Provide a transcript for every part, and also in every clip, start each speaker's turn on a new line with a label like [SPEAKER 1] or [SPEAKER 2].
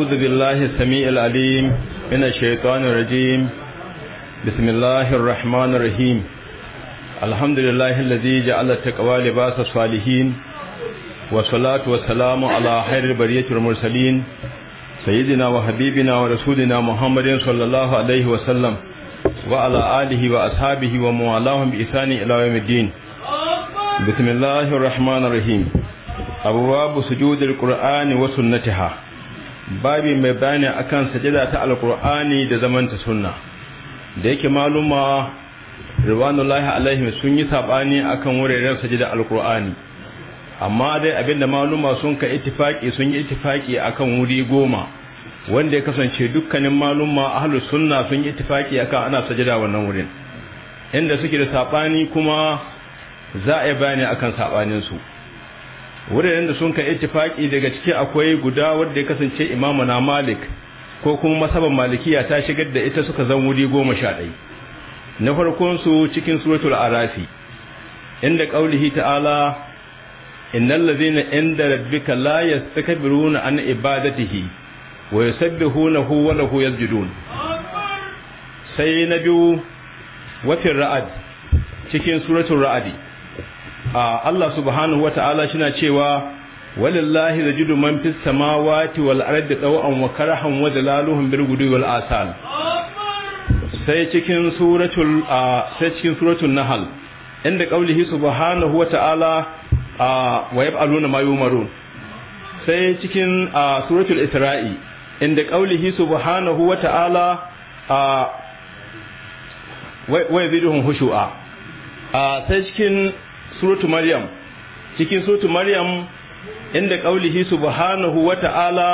[SPEAKER 1] أعوذ بالله السميع العليم من الشيطان الرجيم بسم الله الرحمن الرحيم الحمد لله الذي جعل التقوى لباس الصالحين والصلاة والسلام على خير البرية المرسلين سيدنا وحبيبنا ورسولنا محمد صلى الله عليه وسلم وعلى آله وأصحابه وموالاهم بإحسان إلى يوم الدين بسم الله الرحمن الرحيم أبواب سجود القرآن وسنتها babi mai bayani akan sajada ta alkur'ani da zamanta sunna da yake maluma riwanullahi alaihim sun yi sabani akan wuraren sajada alkur'ani amma dai abinda maluma sun ka ittifaki sun yi ittifaki akan wuri goma wanda ya kasance dukkanin maluma ahlus sunna sun yi ittifaki akan ana sajada wannan wurin inda suke da sabani kuma za a yi bayani akan sabanin su wuraren da sun ka ittifaki daga ciki akwai guda wanda ya kasance imamu na malik ko kuma masaban malikiya ta shigar da ita suka zan wuri goma sha ɗai na farkon su cikin suratul arafi inda qaulihi ta'ala innal ladhina inda rabbika la yastakbiruna an ibadatihi wa yusabbihunahu wa lahu yasjudun sai na biyu wafin ra'ad cikin suratul ra'adi Allah subhanahu wata'ala shina cewa walillahi yajidu man fis samawati wal ardi taw'an wa karahan wa dalaluhum bil gudu wal asal sai cikin suratul sai cikin suratul nahl inda subhanahu wa yab'aluna ma yumarun sai cikin suratul isra'i inda subhanahu wa sai cikin suratu maryam cikin suratu maryam inda qaulihi subhanahu wa ta'ala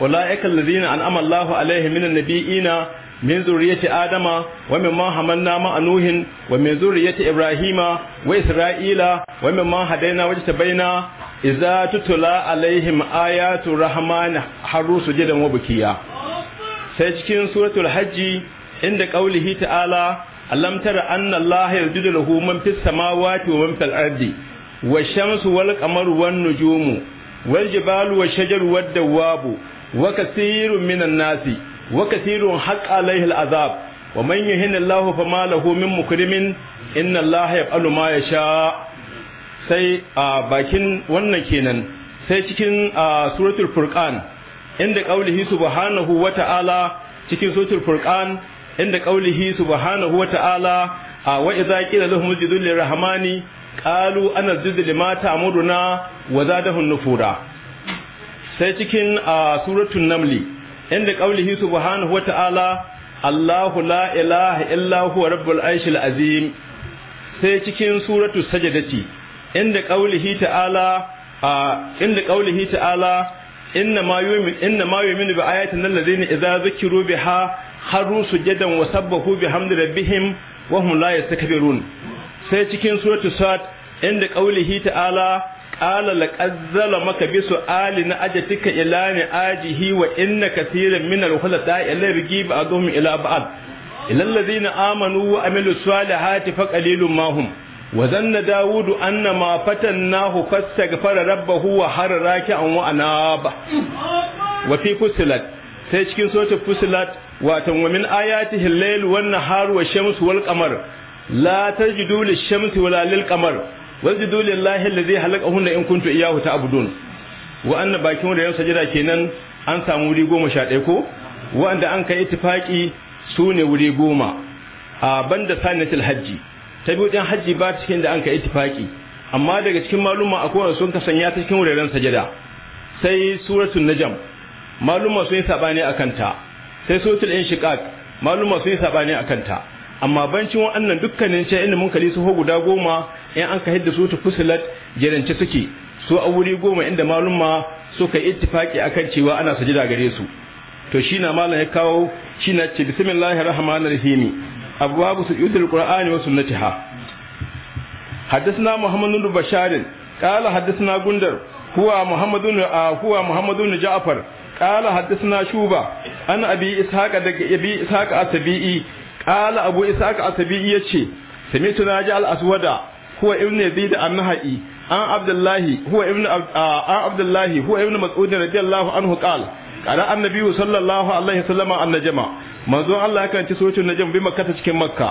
[SPEAKER 1] ulaika allazina an'ama Allahu alaihim minan nabiyina min zurriyyati adama wa mimma hamalna ma nuhin, wa min zurriyyati ibrahima wa isra'ila wa mimma hadaina wajtabaina idza tutula alaihim ayatu rahmani haru sujudan wa bukiya sai cikin suratul hajji inda qaulihi ta'ala alam tara anna Allah yajudu lahu man fis samawati wa man fil ardi Wa shamsu wal-qamaru wan-nujumu wal-jibalu wash-shajaru wad-dawwabu wa kaseerun minan nasi wa kaseerun haqqa alayhi al-azab wa man yuhina Allahu fama lahu min mukrimin inna Allah yaf'alu ma yasha sai a bakin wannan kenan sai cikin suratul furqan inda qaulihi subhanahu wa ta'ala cikin suratul furqan inda qaulihi subhanahu wata'ala wa idza qila lahum isjudu lirrahmani qalu anasjudu lima ta'muruna wa zadahum nufura sai cikin suratul namli inda qaulihi subhanahu wata'ala Allahu la ilaha illa huwa rabbul arshil azim sai cikin suratul sajdati inda qaulihi ta'ala inda qaulihi ta'ala inna ma yu'minu inna ma yu'minu bi ayatin allazina idza zukiru biha haru sujadan wa sabbahu bihamdi rabbihim wa hum la yastakbirun sai cikin suratul sad inda qaulihi ta'ala qala laqad zalamaka bi su'ali na ajatika ila ni ajihi wa inna katiran min al-khulata'i la yaghib adhum ila ba'd ila alladhina amanu wa amilu salihati fa qalilum ma hum wa zanna dawudu anna ma fatannahu fastaghfara rabbahu wa harraka an wa anaba wa fi fusilat sai cikin suratul fusilat watan wa ayati ayatihi al-layl wan nahar wa shamsu wal qamar la tajidu lish-shamsi wala lil-qamar wajidu lillahi alladhi halaqahunna in kuntum iyyahu ta'budun wa anna bakin da yau sajada kenan an samu wuri goma sha ɗaya ko wanda an kai ittifaki sune wuri goma a banda sanatul hajji ta biyu ɗin hajji ba cikin da an kai ittifaki amma daga cikin maluma akwai sun kasanya ta cikin wuraren sajada sai suratul najm maluma sun yi sabani a kanta sai in inshiqaq maluma sun yi sabani a kanta amma bancin wa'annan dukkanin ce inda mun kali su ho guda goma in an ka hidda su ta fusilat jirance suke su a wuri goma inda maluma suka a kan cewa ana sajida gare su to shi na malam ya kawo shi na ce bismillahir rahman rahim abwabu sujudul qur'ani wa sunnatiha حدثنا محمد بن بشار قال حدثنا غندر هو محمد هو محمد بن جعفر قال حدثنا شوبة أن أبي إسحاق أبي إسحاق أتبيئي قال أبو إسحاق أتبيئي يتشي سمعت ناجع الأسود هو ابن يزيد النهائي عن عبد الله هو ابن عن عبد الله هو ابن مسعود رضي الله عنه قال قال النبي صلى الله عليه وسلم النجمة manzon Allah ya kanci sojin najam bi makka cikin makka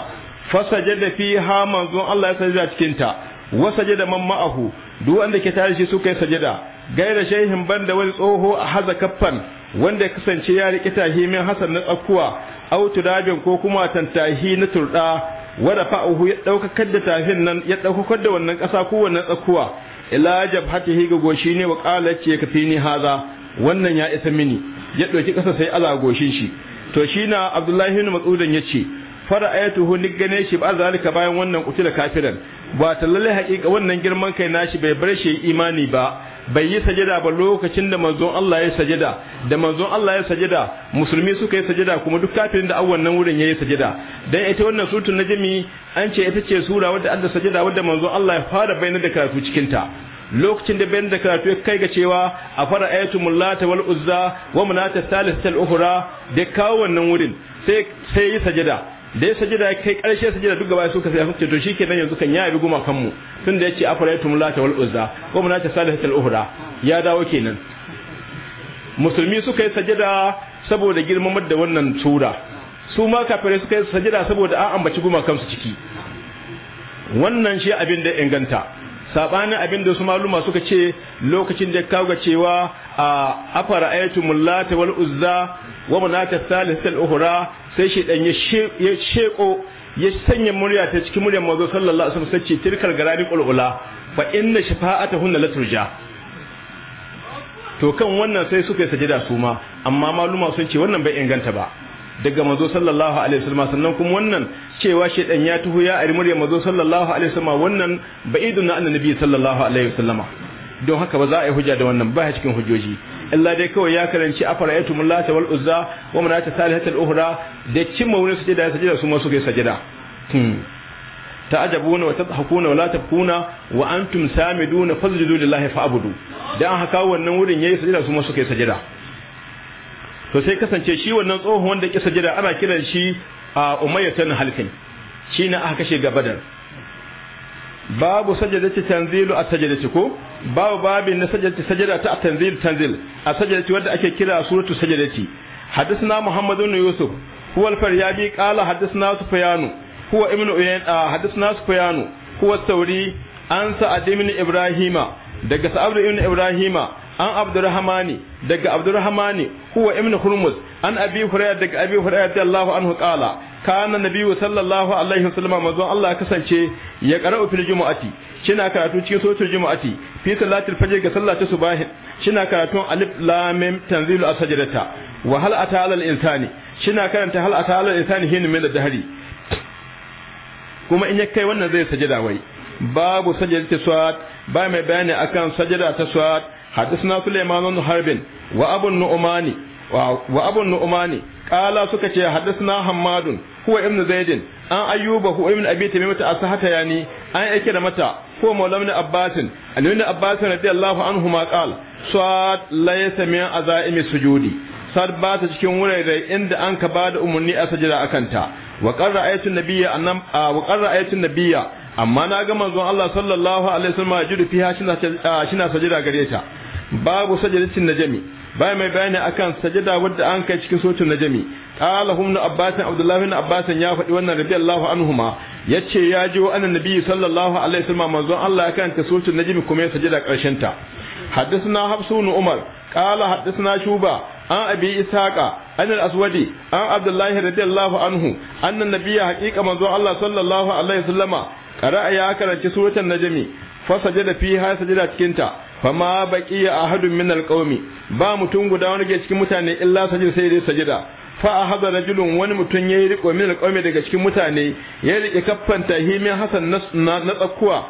[SPEAKER 1] fasajada fiha manzon Allah ya sajada cikin ta wa sajada man ma'ahu duk wanda ke tare shi suka yi sajada gaira shehin da wani tsoho a haza kaffan wanda ya kasance ya riƙe tahi min hasan na tsakkuwa au turabin ko kuma tantahi na turɗa wada fa'uhu ya ɗaukakar da tahin nan ya ɗaukakar da wannan ƙasa ko wannan tsakkuwa ila jabhatihi ga goshi ne wa qala ce ka fini haza wannan ya isa mini ya ɗauki ƙasa sai ala goshin shi to shi na abdullahi ibn mas'udan ya ce fara'ayatuhu ni gane shi ba zalika bayan wannan kutila kafiran ba ta lalle haƙiƙa wannan girman kai nashi bai bar shi imani ba bai yi sajada ba lokacin da manzon Allah ya sajada da manzon Allah ya sajada musulmi suka yi sajada kuma duk kafirin da awwan nan wurin yayi sajada dan ita wannan suratul najmi an ce ita ce sura wadda Allah sajada wadda manzon Allah ya fara bayyana da karatu cikin ta lokacin da bayyana da karatu ya kai ga cewa a fara ayatu mullata wal uzza wa manata thalithatul ukhra da kawo wannan wurin sai sai yi sajada da ya sajida kai karshe sajada duk gaba suka ka sai ce to shikenan yanzu kan ya abi guma kanmu tunda yace afaraitum lata wal uzza ko mun ta salihatul uhra ya dawo kenan musulmi suka yi sajada saboda girmamar da wannan tura su ma kafirai suka yi sajada saboda an ambaci guma kansu ciki wannan shi abin da inganta sabanin abin da su maluma suka ce lokacin da kawo ga cewa a afara ayatu lata wal uzza wa manata thalith al ukhra sai shi dan ya sheko ya sanya murya ta cikin murya manzo sallallahu alaihi wasallam sace tilkal garani qulula fa inna la turja to kan wannan sai suka yi sajada su ma amma maluma sun ce wannan bai inganta ba daga manzo sallallahu alaihi wasallam sannan kuma wannan cewa shedan ya tuhu ya ari murya manzo sallallahu alaihi wasallam wannan ba'idun na annabi sallallahu alaihi wasallam don haka ba za a yi hujja da wannan ba cikin hujjoji illa dai kawai ya karanci afara'aytum lata wal uzza wa manata salihata al ukhra da cimma wani sujada ya sajada su ma suka yi sajada hmm. ta'ajabuna wa tadhakuna wa la tabkuna wa antum samiduna fasjudu lillahi fa'budu dan haka wannan wurin yayi sajada su ma suka yi sajada to sai kasance shi wannan tsohon wanda ke sajada ana kiran shi a umayyatan halfin shi na aka kashe ga badar babu ta tanzilu a sajadati ko babu babin na sajadati sajada ta tanzil tanzil a sajadati wanda ake kira suratu sajadati حدثنا محمد بن يوسف هو الفريابي قال حدثنا سفيان هو ابن عيان حدثنا سفيان هو الثوري عن سعد بن ابراهيم دغ سعد بن ابراهيم an abdurrahmani daga abdurrahmani huwa ibn hurmus an abi hurairah daga abi hurairah radiyallahu anhu qala kana nabiyyu sallallahu alaihi wasallam manzon Allah kasance ya qara'u fil jumu'ati kina karatu cikin suratul jumu'ati fi salatil fajr ga sallatin subah kina karatu alif lam mim tanzilu as-sajdata wa hal ata al insani kina karanta hal ata al insani hin min ad kuma in ya kai wannan zai sajada wai babu sajadatu swat ba mai bayani akan sajada ta swat حدثنا سليمان بن حرب وابو النعمان وابو قال suka ce حدثنا حماد هو ابن زيد an ayyuba hu ibn abi tamimata asahata yani an yake da mata ko maulam ibn abbas an ibn abbas radiyallahu anhu ma qal sad laysa min azaimi sujudi sad ba cikin wurare inda an ka bada umarni a sajada akanta wa qarra ayatu nabiyya annam wa qarra nabiyya amma na ga manzon Allah sallallahu alaihi wasallam yajudu fiha shina shina sajada gare ta babu sajadatin najami ba mai bayani akan sajada wadda an kai cikin sotun najmi qala Humna abbas abdullah ibn abbas ya faɗi wannan Allahu anhuma yace ya ji wa annabi sallallahu alaihi wasallam manzon Allah akan ta sotun najmi kuma ya sajada ƙarshen ta حدثنا حفص بن عمر قال حدثنا شوبة عن أبي إسحاق عن الأسود عن عبد الله رضي الله عنه أن النبي حقيقة منظور الله صلى الله عليه وسلم قرأ يا كرنت سورة النجم فسجد فيها سجدة كنتا fama baki ahadun min alqawmi ba mutum guda wani ke cikin mutane illa sajin sai dai sajida fa ahada rajulun wani mutum yayi riko min alqawmi daga cikin mutane ya yi rike kaffan tahimin hasan na tsakkuwa.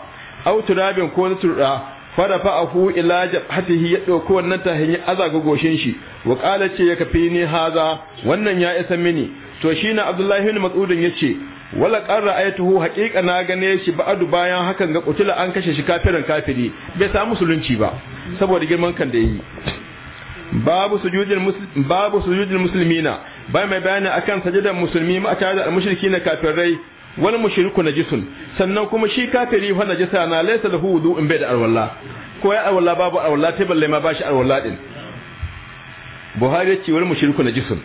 [SPEAKER 1] aw turabin ko na turda fara fa ahu ila jabhatihi ya dauko wannan tahin ya azaga goshin shi wa qala ce ya kafi ni haza wannan ya isa mini to shi shine abdullahi ibn mas'udin ce. wala qarra ayatuhu haqiqa na gane shi ba'adu bayan hakan ga kutula an kashe shi kafirin kafiri bai samu musulunci ba saboda girman kan da yi babu sujudil muslim babu sujudil muslimina bai mai bayani akan sajadan musulmi ma ta da na kafirai wani mushriku jisun sannan kuma shi kafiri fa najisa na laysa lahu wudu in bai da alwala ko ya alwala babu alwala ta balle ma bashi alwala din buhari ce wani mushriku jisun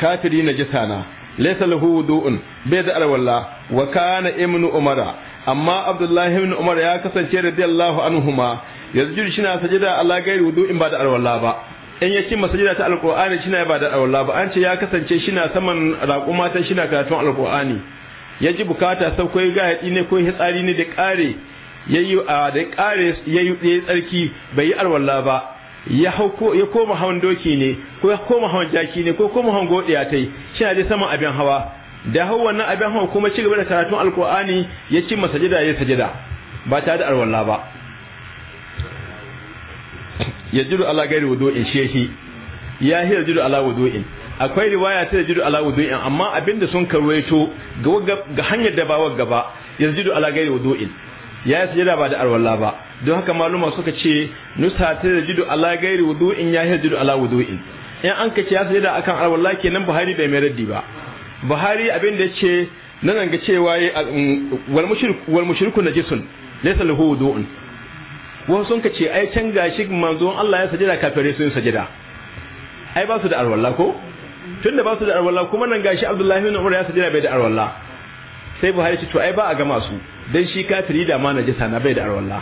[SPEAKER 1] kafiri najisa na laysa lahu wudu'un bai da alwala wa kana ibnu umara amma abdullahi ibn umar ya kasance da radiyallahu anhuma yanzu shi na sajida ala gairi wudu'in ba da alwala ba in ya cimma sajida ta alqur'ani shi na ba da alwala an ce ya kasance shi na saman raƙuma ta shi na karatun alqur'ani ya ji bukata sau ko ga haɗi ne ko ne da ƙare yayi da tsarki bai yi alwala ba ya hauko ya koma hawan doki ne ko ya koma hawan jaki ne ko koma hawan godiya tai shi ne saman abin hawa da hau wannan abin hawa kuma ci gaba da karatun alqur'ani ya ci masajida ya sajida ba tare da alwala ba yajidu ala gairi wudu'in shehi ya hiya yajidu ala wudu'in akwai riwaya ta yajidu ala wudu'in amma abinda sun karwaito ga hanyar da ba wagga ba yajidu ala gairi wudu'in ya yi sajida ba da alwala ba don haka maluma suka ce nusa ta da jidu ala gairi wudu'in ya yi jidu ala wudu'in in an ka ce ya sai da akan alwala kenan buhari bai mai raddi ba buhari abin da ya ce nan ga cewa wal mushriku najisun laysa lahu wudu'un wasu sun ka ce ai can gashi manzon Allah ya sajida kafare sun sajida ai ba su da alwallah ko tunda ba su da alwallah kuma nan gashi Abdullahi bin Umar ya sajida bai da alwala sai Buhari ce to ai ba a gama su dan shi kafiri da ma najisa na bai da alwala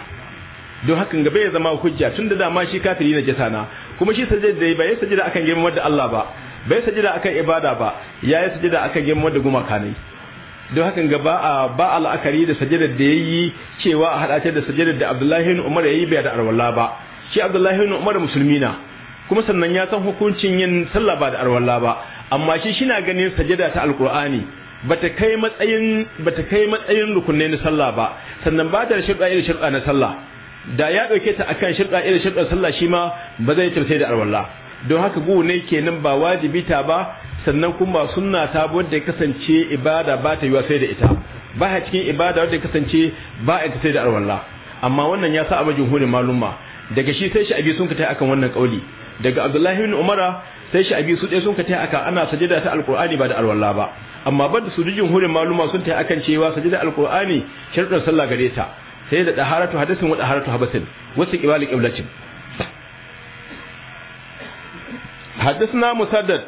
[SPEAKER 1] don hakan gaba ya zama hujja tun da dama shi kafiri na jasa na kuma shi sajada ba ya sajada akan girman da Allah ba bai sajada akan ibada ba ya yi sajada akan girman da gumaka ne don hakan gaba a ba al'akari da sajada da yayi cewa a hada da sajada da Abdullahi bin Umar yayi bai da arwala ba shi Abdullahi bin Umar musulmi na kuma sannan ya san hukuncin yin sallah ba da arwala ba amma shi shina ganin sajada ta alqur'ani bata kai matsayin bata kai matsayin rukunai na sallah ba sannan ba ta da shirɗa irin shirɗa na sallah da ya ɗauke ta akan shirɗa irin shirɗar sallah shi ma ba zai tartai da arwalla don haka gu ne kenan ba wajibi ta ba sannan kuma sunna ta wadda kasance ibada ba ta yiwa sai da ita ba ha cikin ibada wadda kasance ba a sai da arwalla amma wannan ya sa a majumhurin maluma daga shi sai shi abi sun ka akan wannan kauli daga abdullahi bin umara sai shi abi su dai sun ka akan ana sajada ta alqur'ani ba da arwalla ba amma da su jumhurin maluma sun ta akan cewa sajada alqur'ani sharuɗar sallah gare ta sai da daharatu hadasin wa daharatu habasin wasu qibali qiblatin حدثنا مسدد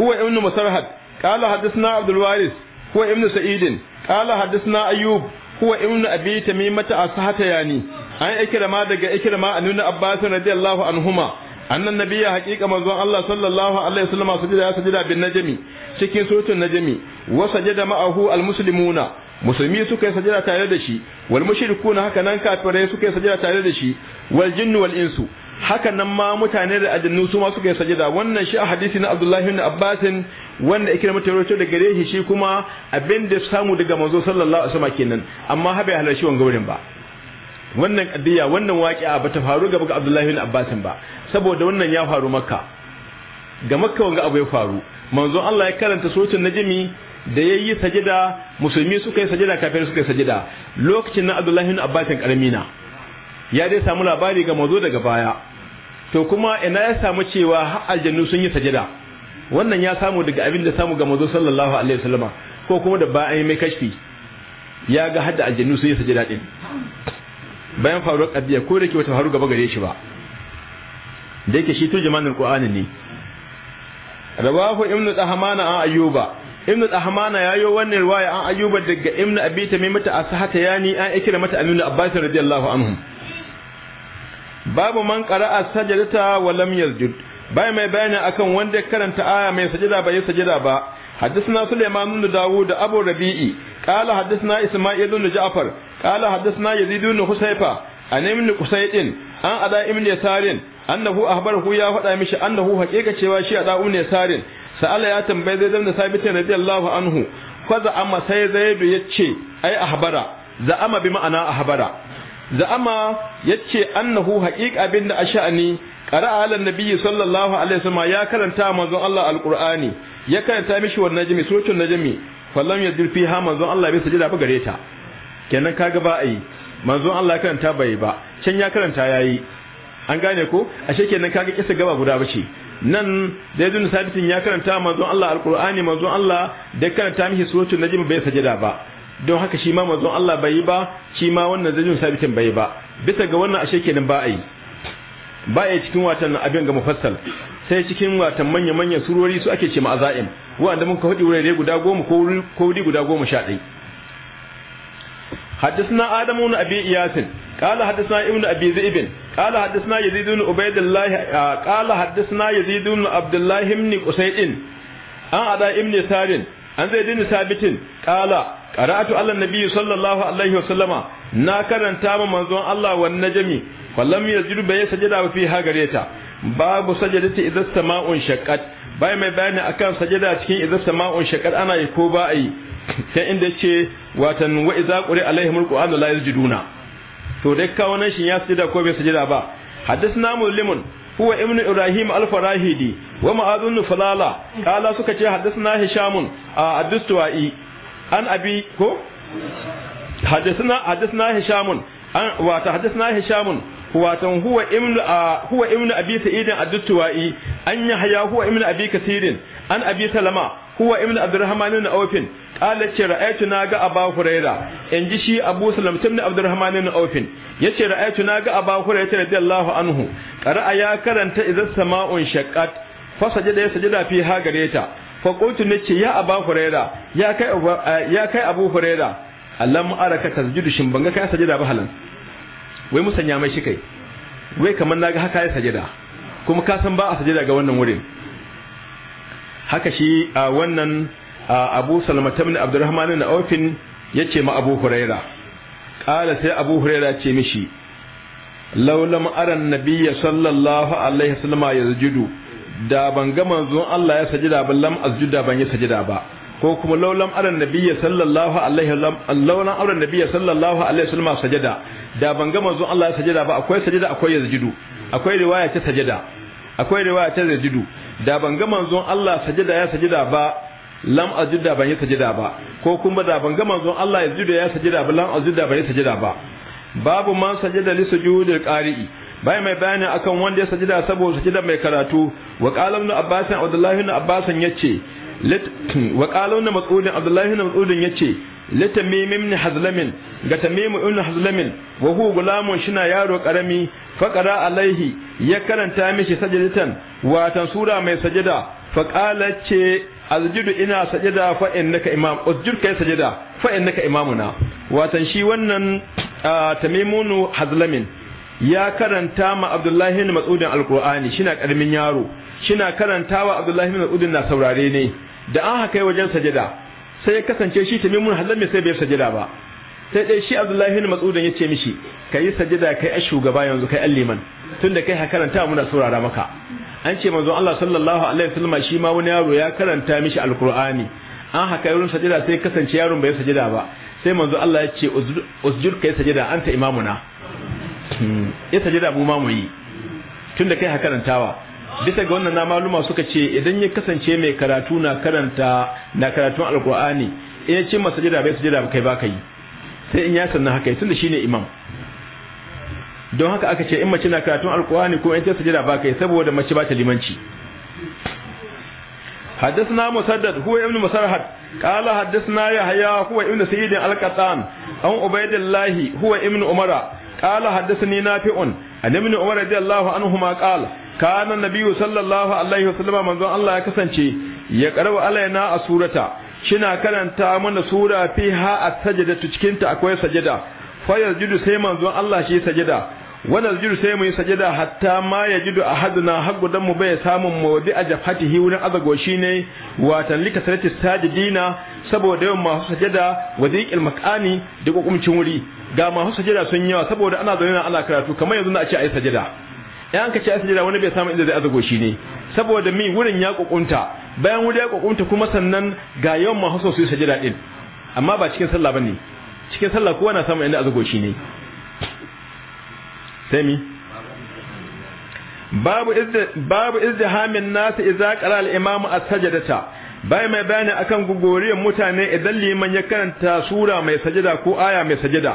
[SPEAKER 1] هو ابن مسرهد قال حدثنا عبد الوارث هو ابن سعيد قال حدثنا أيوب هو ابن أبي تميمة أصحت يعني أن إكرما دقى إكرما أن ابن أباس رضي الله عنهما أن النبي حقيقة مزوان الله صلى الله عليه وسلم سجد سجد بالنجم شكين سورة النجم وسجد معه المسلمون musulmi suka yi sajada tare da shi wal mushrikuna haka nan kafirai suka yi sajada tare da shi wal jinnu wal insu haka nan ma mutane da ajinnu su ma suka yi sajada wannan shi a hadisi na Abdullahi ibn Abbas wanda ikirma ta rawaito daga gare shi kuma abin da samu daga manzo sallallahu alaihi wasallam kenan amma ha bai halarci wanga wurin ba wannan kaddiya wannan waqi'a bata faru gaba ga Abdullahi ibn Abbas ba saboda wannan ya faru makka ga makka wanga abu ya faru manzo Allah ya karanta suratul najmi da ya yi sajida musulmi suka yi sajida kafin suka yi sajida lokacin na Abdullahi ibn Abbas karamina ya dai samu labari ga mazo daga baya to kuma ina ya samu cewa har aljannu sun yi sajida wannan ya samu daga abin da samu ga mazo sallallahu alaihi wasallama ko kuma da bayan mai kashfi ya ga hadda aljannu sun yi sajida din bayan faruwar kadiya ko da ke wata faru gaba gare shi ba da yake shi jama'an qur'ani ne rawahu ibnu dahman an ayyuba ibnu ahmana yayo wannan riwaya an ayyuba daga ibnu abi tamimata asahata yani an ikira mata aminu abbas radiyallahu anhum babu man qara'a sajdata wa lam yasjud bai mai bayani akan wanda karanta aya mai sajada bai sajada ba حدثنا سليمان بن داوود أبو ربيعي قال حدثنا إسماعيل بن جعفر قال حدثنا يزيد بن خسيفة عن ابن قسيد عن أداء ابن يسار أنه أخبره يا فدا مش أنه حقيقة شواشي أداء ابن يسار sa'ala ya tambaye zai zama da radiyallahu anhu fa za'ama sai zaidu yace ai ahbara za'ama bi ma'ana ahbara za'ama yace annahu haqiqa bin da asha'ani qara'a ala nabi sallallahu alaihi wasallam ya karanta manzon Allah alqur'ani ya karanta mishi wannan najmi suratul najmi fallam yadir ha manzon Allah bai sajida ba gare ta kenan kaga ba ai manzon Allah karanta bai ba can ya karanta yayi an gane ko ashe kenan kaga kisa gaba guda bace nan da yadda sabitin ya karanta manzon Allah alqur'ani manzon Allah da karanta mishi na najm bai sajada ba don haka shi ma manzon Allah bai yi ba shi ma wannan zajin sabitin bai yi ba bisa ga wannan ashe kenan ba yi. ba ai cikin watan abin ga mufassal sai cikin watan manya manyan surori su ake ce ma azaim wanda mun ka faɗi wurare guda goma ko wuri guda goma sha ɗaya حدثنا آدم بن أبي إياس قال حدثنا ابن أبي ذئب قال حدثنا يزيد بن عبيد الله قال حدثنا يزيد بن عبد الله بن قسيد عن عداء بن ثابت عن زيد بن ثابت قال قرأت على النبي صلى الله عليه وسلم na karanta ma manzon Allah wan najmi wallam yazid bai sajada fi ha gareta babu sajadati idan sama'un shaqqat bai mai bayani akan sajada cikin idza sama'un shaqar ana yi ko ba yi sai inda yace watan wa idza quri alaihimul qur'anu la yajiduna to dai ka wannan shin ya sajada ko bai sajada ba hadisna mulimun huwa ibn ibrahim al farahidi wa ma'adun falala kala suka ce hadisna hishamun a adustuwai an abi ko hadisna hadisna hishamun an wa ta hadisna hishamun watan huwa ibnu huwa ibnu abi sa'id ad-duwai an yahya huwa ibnu abi kasirin an abi salama huwa ibnu abdurrahman ibn awf qala ce ra'aytu naga aba in ji shi abu salam ibn abdurrahman ibn awf yace ra'aytu naga aba hurayra radiyallahu anhu qara'a ya karanta idza sama'un shaqqat fa sajada sajada fi ha gareta fa qultu nace ya aba hurayra ya kai ya kai abu hurayra allam araka tasjudu shin banga kai sajada ba halan wai musanya mai shi kai wai kamar na ga haka ya sajada kuma ka san ba a sajada ga wannan wurin haka shi a wannan abu salmata min abdurrahman na aufin ya ce ma abu huraira ƙala sai abu huraira ce mishi laulam aran nabiya sallallahu alaihi wasallama ya da ban gama zuwan Allah ya sajida ba lam azjuda ban yi sajida ba ko kuma laulan auren nabiya sallallahu alaihi laulan auren nabiya sallallahu alaihi wasallam sajada da ban ga manzon Allah ya sajada ba akwai sajada akwai yazjidu akwai riwaya ta sajada akwai riwaya ta yazjidu da ban ga manzon Allah sajada ya sajada ba lam ajuda ban ya sajada ba ko kuma da ban ga manzon Allah sajada ya sajada ba lam ajuda ban ya sajada ba babu man sajada li sujudil qari'i bai mai bayani akan wanda ya sajada saboda sajada mai karatu wa qalamu abbasin abdullahi ibn abbasin yace wa qala na mas'ud abdullahi ibn mas'ud yace li tamim ibn hazlamin" ga tamim ibn hazlamin, wa huwa gulamun shina yaro karami fa qara alaihi ya karanta mishi sajidatan wa sura mai sajida fa qala ce azjudu ina sajida fa innaka imam azjud kai sajida fa innaka imamuna watan shi wannan tamimunu hazlamin ya karanta ma abdullahi ibn mas'udin alqur'ani shina karamin yaro shina karantawa abdullahi ibn mas'udin na saurare ne da an haka wajen sajada sai ya kasance shi ta tamimun mai sai bai sajada ba sai dai shi abdullahi bin ya ce mishi ka yi sajada kai a shugaba yanzu kai alliman tunda kai ha karanta muna saurara maka an ce manzon Allah sallallahu alaihi wasallam shi ma wani yaro ya karanta mishi alqur'ani an haka wurin sajada sai kasance yaron bai sajada ba sai manzon Allah ya ce usjud kai sajada anta imamuna hmm. ya sajada mu ma mu yi tunda kai ha karantawa bisa ga wannan na maluma suka ce idan ya kasance mai karatu na karanta na karatun alkur'ani in ya ce jira bai sujada kai ba kai sai in ya sanna haka tunda shine imam don haka aka ce in mace na karatun alkur'ani ko in ta sujada ba kai saboda mace ba ta limanci حدثنا مسدد هو ابن مسرحد قال حدثنا يحيى هو ابن سيد القطان عن عبيد الله هو ابن عمر قال حدثني نافع عن ابن عمر رضي الله عنهما قال kana nabiyyu sallallahu alaihi wasallam manzon Allah ya kasance ya karwa alaina a surata shina karanta mana sura fiha as-sajdatu cikin ta akwai sajada fa yajidu sai manzon Allah shi sajada wanda yajidu sai mu yi sajada hatta ma yajidu ahaduna hagu dan mu bai samun mawdi a jafatihi wurin azagoshi ne watan likasarati sajidina saboda yawan masu sajada wa makani da kokumcin wuri ga masu sajada sun yawa saboda ana zaune ala karatu kamar yanzu a ce a yi sajada yan ka ce asjada wani bai samu inda zai azago shi ne saboda mi wurin ya kokunta bayan wuri ya kokunta kuma sannan ga yawan mahaso su sajira din amma ba cikin sallah bane cikin sallah kowa na samu inda azago shi ne sai mi babu izda babu izdihamin nasu idza qara al-imamu as-sajdata bai mai bayani akan gugoriyar mutane idan liman ya karanta sura mai sajida ko aya mai sajida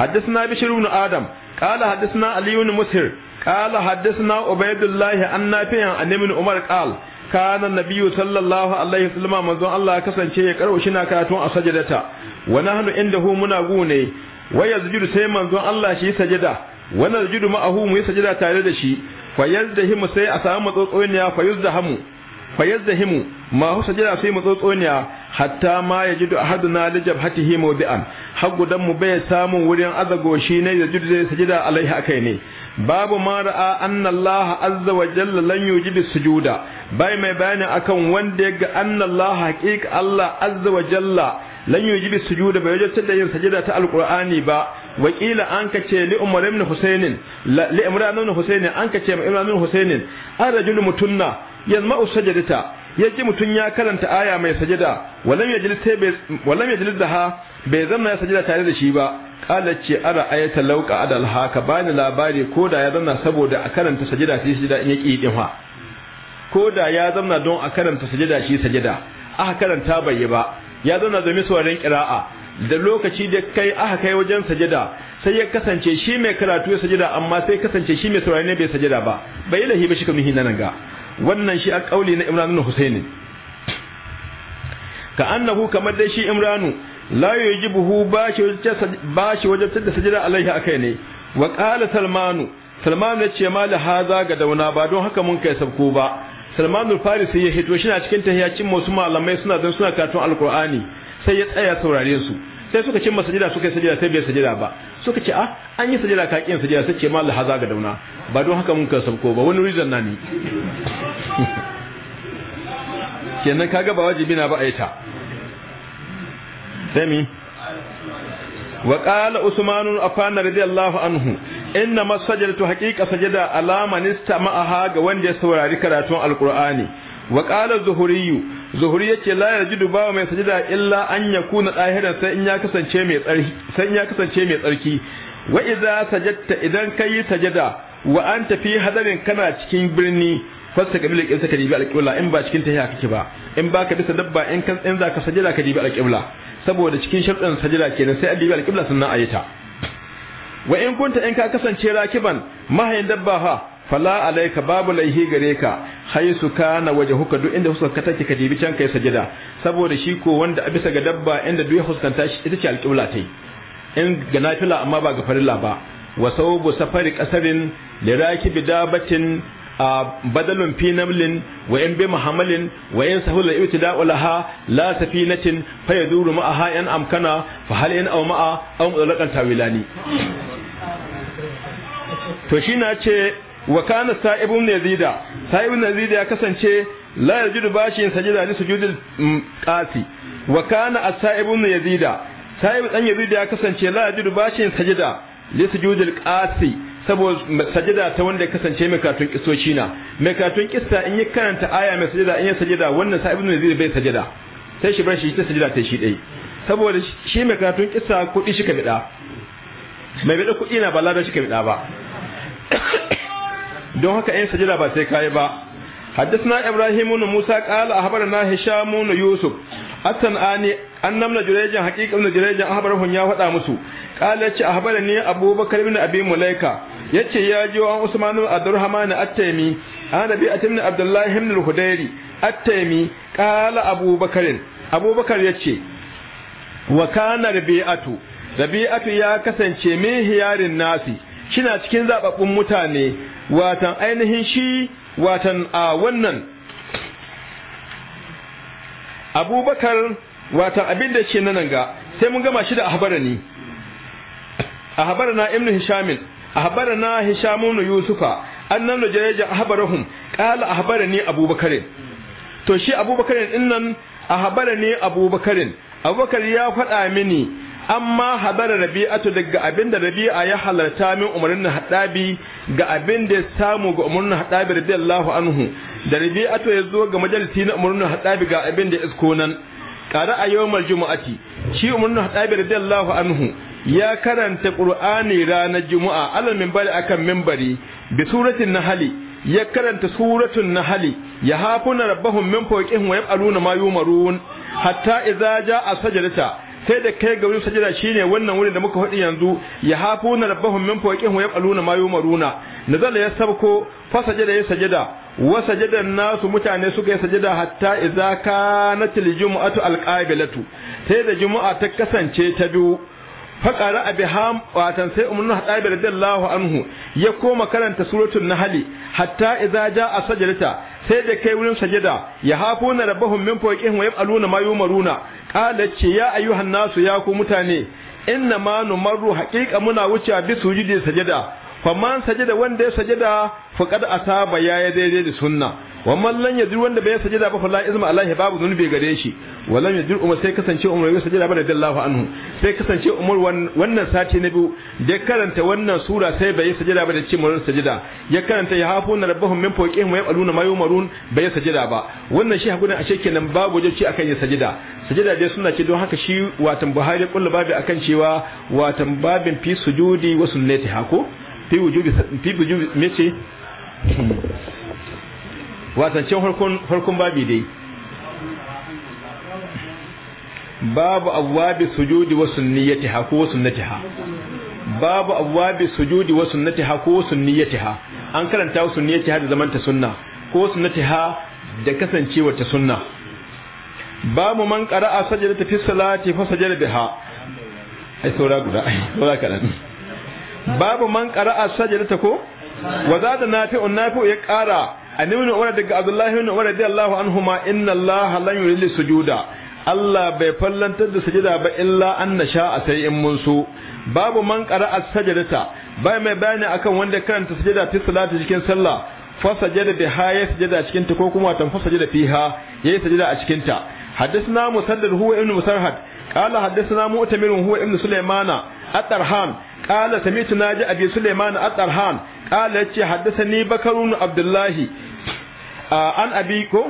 [SPEAKER 1] حدثنا بشير بن آدم قال حدثنا علي بن مسهر قال حدثنا عبيد الله عن نافع عن ابن عمر قال كان النبي صلى الله عليه وسلم منزون الله كسانشي ya karo shi na karatun a sajadata wa nahnu indahu muna gune wa yazjudu sai manzon Allah shi sajada wa nazjudu ma'ahu mu sajada tare da shi fa yazdahimu sai a samu matsotsoniya fa yazdahamu fa yazdahimu ma hu sajada sai matsotsoniya hatta ma ya jidu ahaduna li jabhatihi mawdi'an har gudan mu bai samun wurin azagoshi ne ya jidu zai sajida alaihi akai ne babu ma ra'a anna Allah azza wa jalla lan yujidu sujuda bai mai bayani akan wanda ya ga anna Allah haqiqa Allah azza wa jalla lan yujidu sujuda bai wajabta da yin sajida ta alqur'ani ba wakila an ka ce li umar ibn husainin li imran ibn husainin an ka ce ma ibn husainin ar rajul mutunna yanzu ma sajadata ya ji mutum ya karanta aya mai sajada walam yajlis da ha bai zama ya sajada tare da shi ba kala ce ara ayata lauka adal haka ba ni labari ko da ya zama saboda a karanta sajada shi sajada in ya ki din ko da ya zama don a karanta sajada shi sajada aka karanta bai yi ba ya zanna domin sauraron kira'a da lokaci da kai aka kai wajen sajada sai ya kasance shi mai karatu ya sajada amma sai kasance shi mai saurari ne bai sajada ba bai lahi ba shi kamin nan ga wannan shi a kauli na imran ibn husayn ka annahu kamar dai shi imranu la buhu ba shi wajabtar da sajira alaihi kai ne wa salmanu salmanu ya ma la haza ga dauna ba don haka mun kai sabko ba salmanul farisi ya hito shi na cikin tahiyacin wasu malamai suna don suna karatun alqur'ani sai ya tsaya saurare su sai suka cimma sajida suka yi sajida sai bai sajida ba suka ce ah an yi sajida ka kin sajida sai ce ma Allah haza ga dauna ba don haka mun ka sabko ba wani reason na ni kenan kaga ba wajibi na ba a yi ta sai mi wa qala usman afan radiyallahu anhu inna masajidatu haqiqa sajida ala man istama'a ga wanda ya saurari karatun alqur'ani wa qala zuhuriyyu zuhuri yake la yajidu ba mai sajida illa an yakuna dahiran sai in ya kasance mai tsarki sai in ya kasance mai tsarki wa idza sajadta idan kai sajada wa anta fi hadarin kana cikin birni fasta kabila kin saka dibi alqibla in ba cikin tahiya kake ba in ba ka bisa dabba in kan in zaka sajada ka dibi alqibla saboda cikin sharɗin sajada kenan sai dibi alqibla sunna ayata wa in kunta in ka kasance rakiban mahayin dabba ha fala alayka babu laihi gare ka haisu kana waje huka duk inda huskar take ka dibi can kai sajada saboda shi ko wanda a bisa ga dabba inda duk ya huskanta shi ita ce alƙibla tai in ga nafila amma ba ga farilla ba wa sawabu safari qasarin li rakibi dabatin badalun fi namlin wa in bi muhammalin wa in sahul al ibtida'u laha la safinatin fa yaduru ma'aha in amkana fa hal in aw ma'a aw mudallaqan tawilani to shi na ce wa kana sa'ib ibn yazida sa'ib ibn yazida ya kasance la yajidu bashin sajida li sujudil qasi wa kana as-sa'ib ibn yazida sa'ib dan yazida ya kasance la yajidu bashin sajida li sujudil qasi saboda sajida ta wanda ya kasance mai katun kisoci na mai katun kissa in ya karanta aya mai sajida in ya sajida wannan sa'ib ibn yazida bai sajida sai shi bar shi ta sajida ta shi dai saboda shi mai katun kissa kudi shi ka bida mai bida kudi na ba ladan shi ka bida ba Don haka yansu jira ba sai kayi ba. Haddasu na Ibrahim na Musa. Ƙaar a habarin na Hishamu na Yusuf. Hassan Aani an nam da jirejin hakikan na jirejin. Ahabar hu ya faɗa musu. Ƙaar ya ce a habarin ne Abubakar ne Abimuleka. Ya ce yaji wani Usman al-Adur Hama na Attaimi. Ana da biyu a timi Abdullahi Ibn hudairi Attaimi ƙara na Abubakar. Abubakar ya ce wakanar biyu a Da biyu ya kasance min iyarin nasi. shina cikin zababbun mutane watan ainihin shi watan a wannan abubakar watan abin da ce nan ga sai mun gama shi da ahbarani ahbarana ibnu hishamin ahbarana hishamun yusufa annan nujaja ahbarahum qala ahbarani abubakar to shi abubakar din nan ahbarani abubakar abubakar ya faɗa mini amma habar rabi'atu daga abinda rabi'a ya halarta min umarnin hadabi ga abinda ya samu ga umarnin hadabi radiyallahu anhu da rabi'atu ya zo ga majalisi na umarnin hadabi ga abinda ya isko nan kada a yawmal juma'ati, shi umarnin hadabi radiyallahu anhu ya karanta qur'ani ranar juma'a. alal minbari akan minbari bi suratin nahli ya karanta suratul nahli ya hafuna rabbahum min fawqihim wa yab'aluna ma yumarun hatta idza jaa sajdata sai da kai ga wurin sajada shine wannan wurin da muka faɗi yanzu ya na rabbahum min fawqihim wa yaquluna ma yumaruna nazala yasabko fa sajada ya sajada wa sajada nasu mutane suka yi sajada hatta idza kanatil aljum'atu alqabilatu sai da jumu'a ta kasance ta biyu faƙara a ham watan sai umarnu haɗabi radiyallahu anhu ya koma karanta na hali. hatta idza jaa sajadata sai da kai wurin sajada ya hafuna rabbahum min fawqihim wa yab'aluna ma yumaruna qala ce ya ayyuhan nasu ya ku mutane inna ma numarru haqiqa muna wuce bi sujudi sajada faman sajada wanda ya sajada faqad asaba ya daidai da sunna wa man lan yadir wanda bai sajada ba fala izma Allah babu zunubi gare shi Wannan ya umar sai kasance umar bai sajada ba radiyallahu anhu sai kasance umar wannan sati na biyu da karanta wannan sura sai bai sajada ba da ce mun sajada ya karanta ya hafu na rabbahum min fawqihim wa yabaluna ma yumarun bai sajada ba wannan shi a ashe nan babu ci akan ya sajada sajada dai suna ce don haka shi watan Buhari kullu babu akan cewa watan babin fi sujudi wa sunnati hako fi wujubi fi wujubi mece wasancin farkon babi dai babu abwabi sujudi wa ha ko ha babu abwabi sujudi wa ha ko ha an karanta ha da zaman ta sunna ko ha da kasancewa ta sunna babu man qara'a sajdata fi salati fa sajada biha ai saura guda saura kadan babu man qara'a sajdata ko wa zada nafi'un nafi'u ya qara an ibn umar daga abdullahi ibn umar radiyallahu anhuma inna allaha lan yuridu sujuda Allah bai fallantar da sujada ba illa an nasha sai in mun so babu man qara'a sajadata bai mai bayani akan wanda karanta sujada ta salati cikin sallah fa sajada bi haya sujada cikin ta ko kuma tan fa sajada fiha yayi sujada a cikin ta haddathna musaddad huwa ibn musarhad qala haddathna mu'tamir huwa ibn sulaymana at-tarhan qala sami'tu naji abi sulaymana at-tarhan qala yace haddathani bakarun abdullahi an abi ko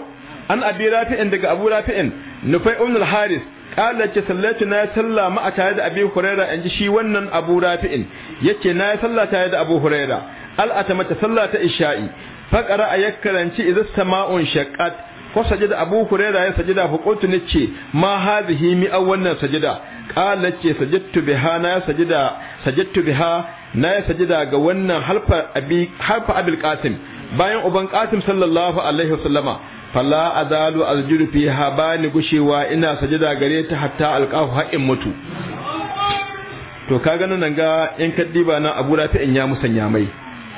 [SPEAKER 1] an abi rafi'in daga abu rafi'in nufai ibn haris qala ce sallatu na salla ma tare da abi hurayra an ji shi wannan abu rafi'in yace na salla tare da abu hurayra al atama ta salla ta isha'i fa qara karanci idza sama'un shaqqat ko sajida abu hurayra ya sajida fa qultu nace ma hadhihi mi awwannan sajida qala ce sajidtu biha na sajida sajidtu biha na yi sajida ga wannan harfa abil qasim bayan uban kasim sallallahu alaihi wasallama fala azalu ha fi ni gushewa ina sajida gare ta hatta alqahu haƙin mutu to ka ga nan ga in kaddiba na abu rafi in ya musanya mai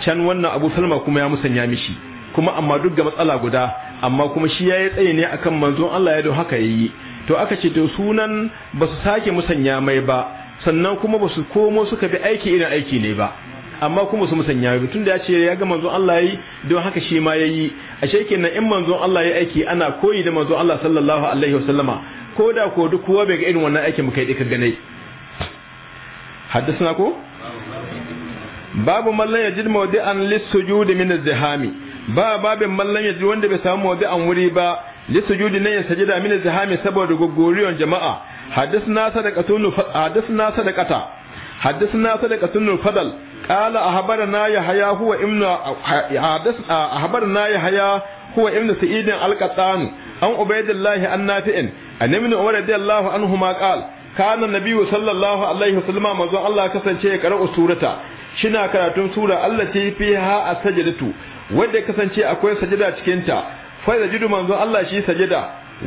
[SPEAKER 1] can wannan abu salma kuma ya musanya mishi kuma amma duk ga matsala guda amma kuma shi ya yi tsaye ne akan manzon Allah ya don haka yayi to aka ce to sunan ba su sake musanya mai ba sannan kuma ba su komo suka bi aiki irin aiki ne ba amma kuma su musanya ba da ya ce ya ga manzon Allah yi don haka shi ma yayi shekin nan in manzon Allah yayi aiki ana koyi da manzon Allah sallallahu alaihi wasallama ko da ko duk kowa bai ga irin wannan aikin muka yi dika ganai haddasa ko babu mallan yajid mawdi an lisujud min az zahami ba babin mallan yajid wanda bai samu an wuri ba lisujud sujud ne ya sajida min az zahami saboda gogoriyon jama'a حدثنا صدقة حدثنا صدقة حدثنا صدقة الفضل قال أخبرنا يحيى هو ابن حدث أخبرنا يحيى هو ابن سعيد القطان عن عبيد الله عن نافع عن ابن عمر رضي الله عنهما قال كان النبي صلى الله عليه وسلم مزو الله kasance ya karau surata shina karatun sura allati fiha as-sajdatu wanda kasance akwai sajada cikin ta fa yajidu manzo Allah shi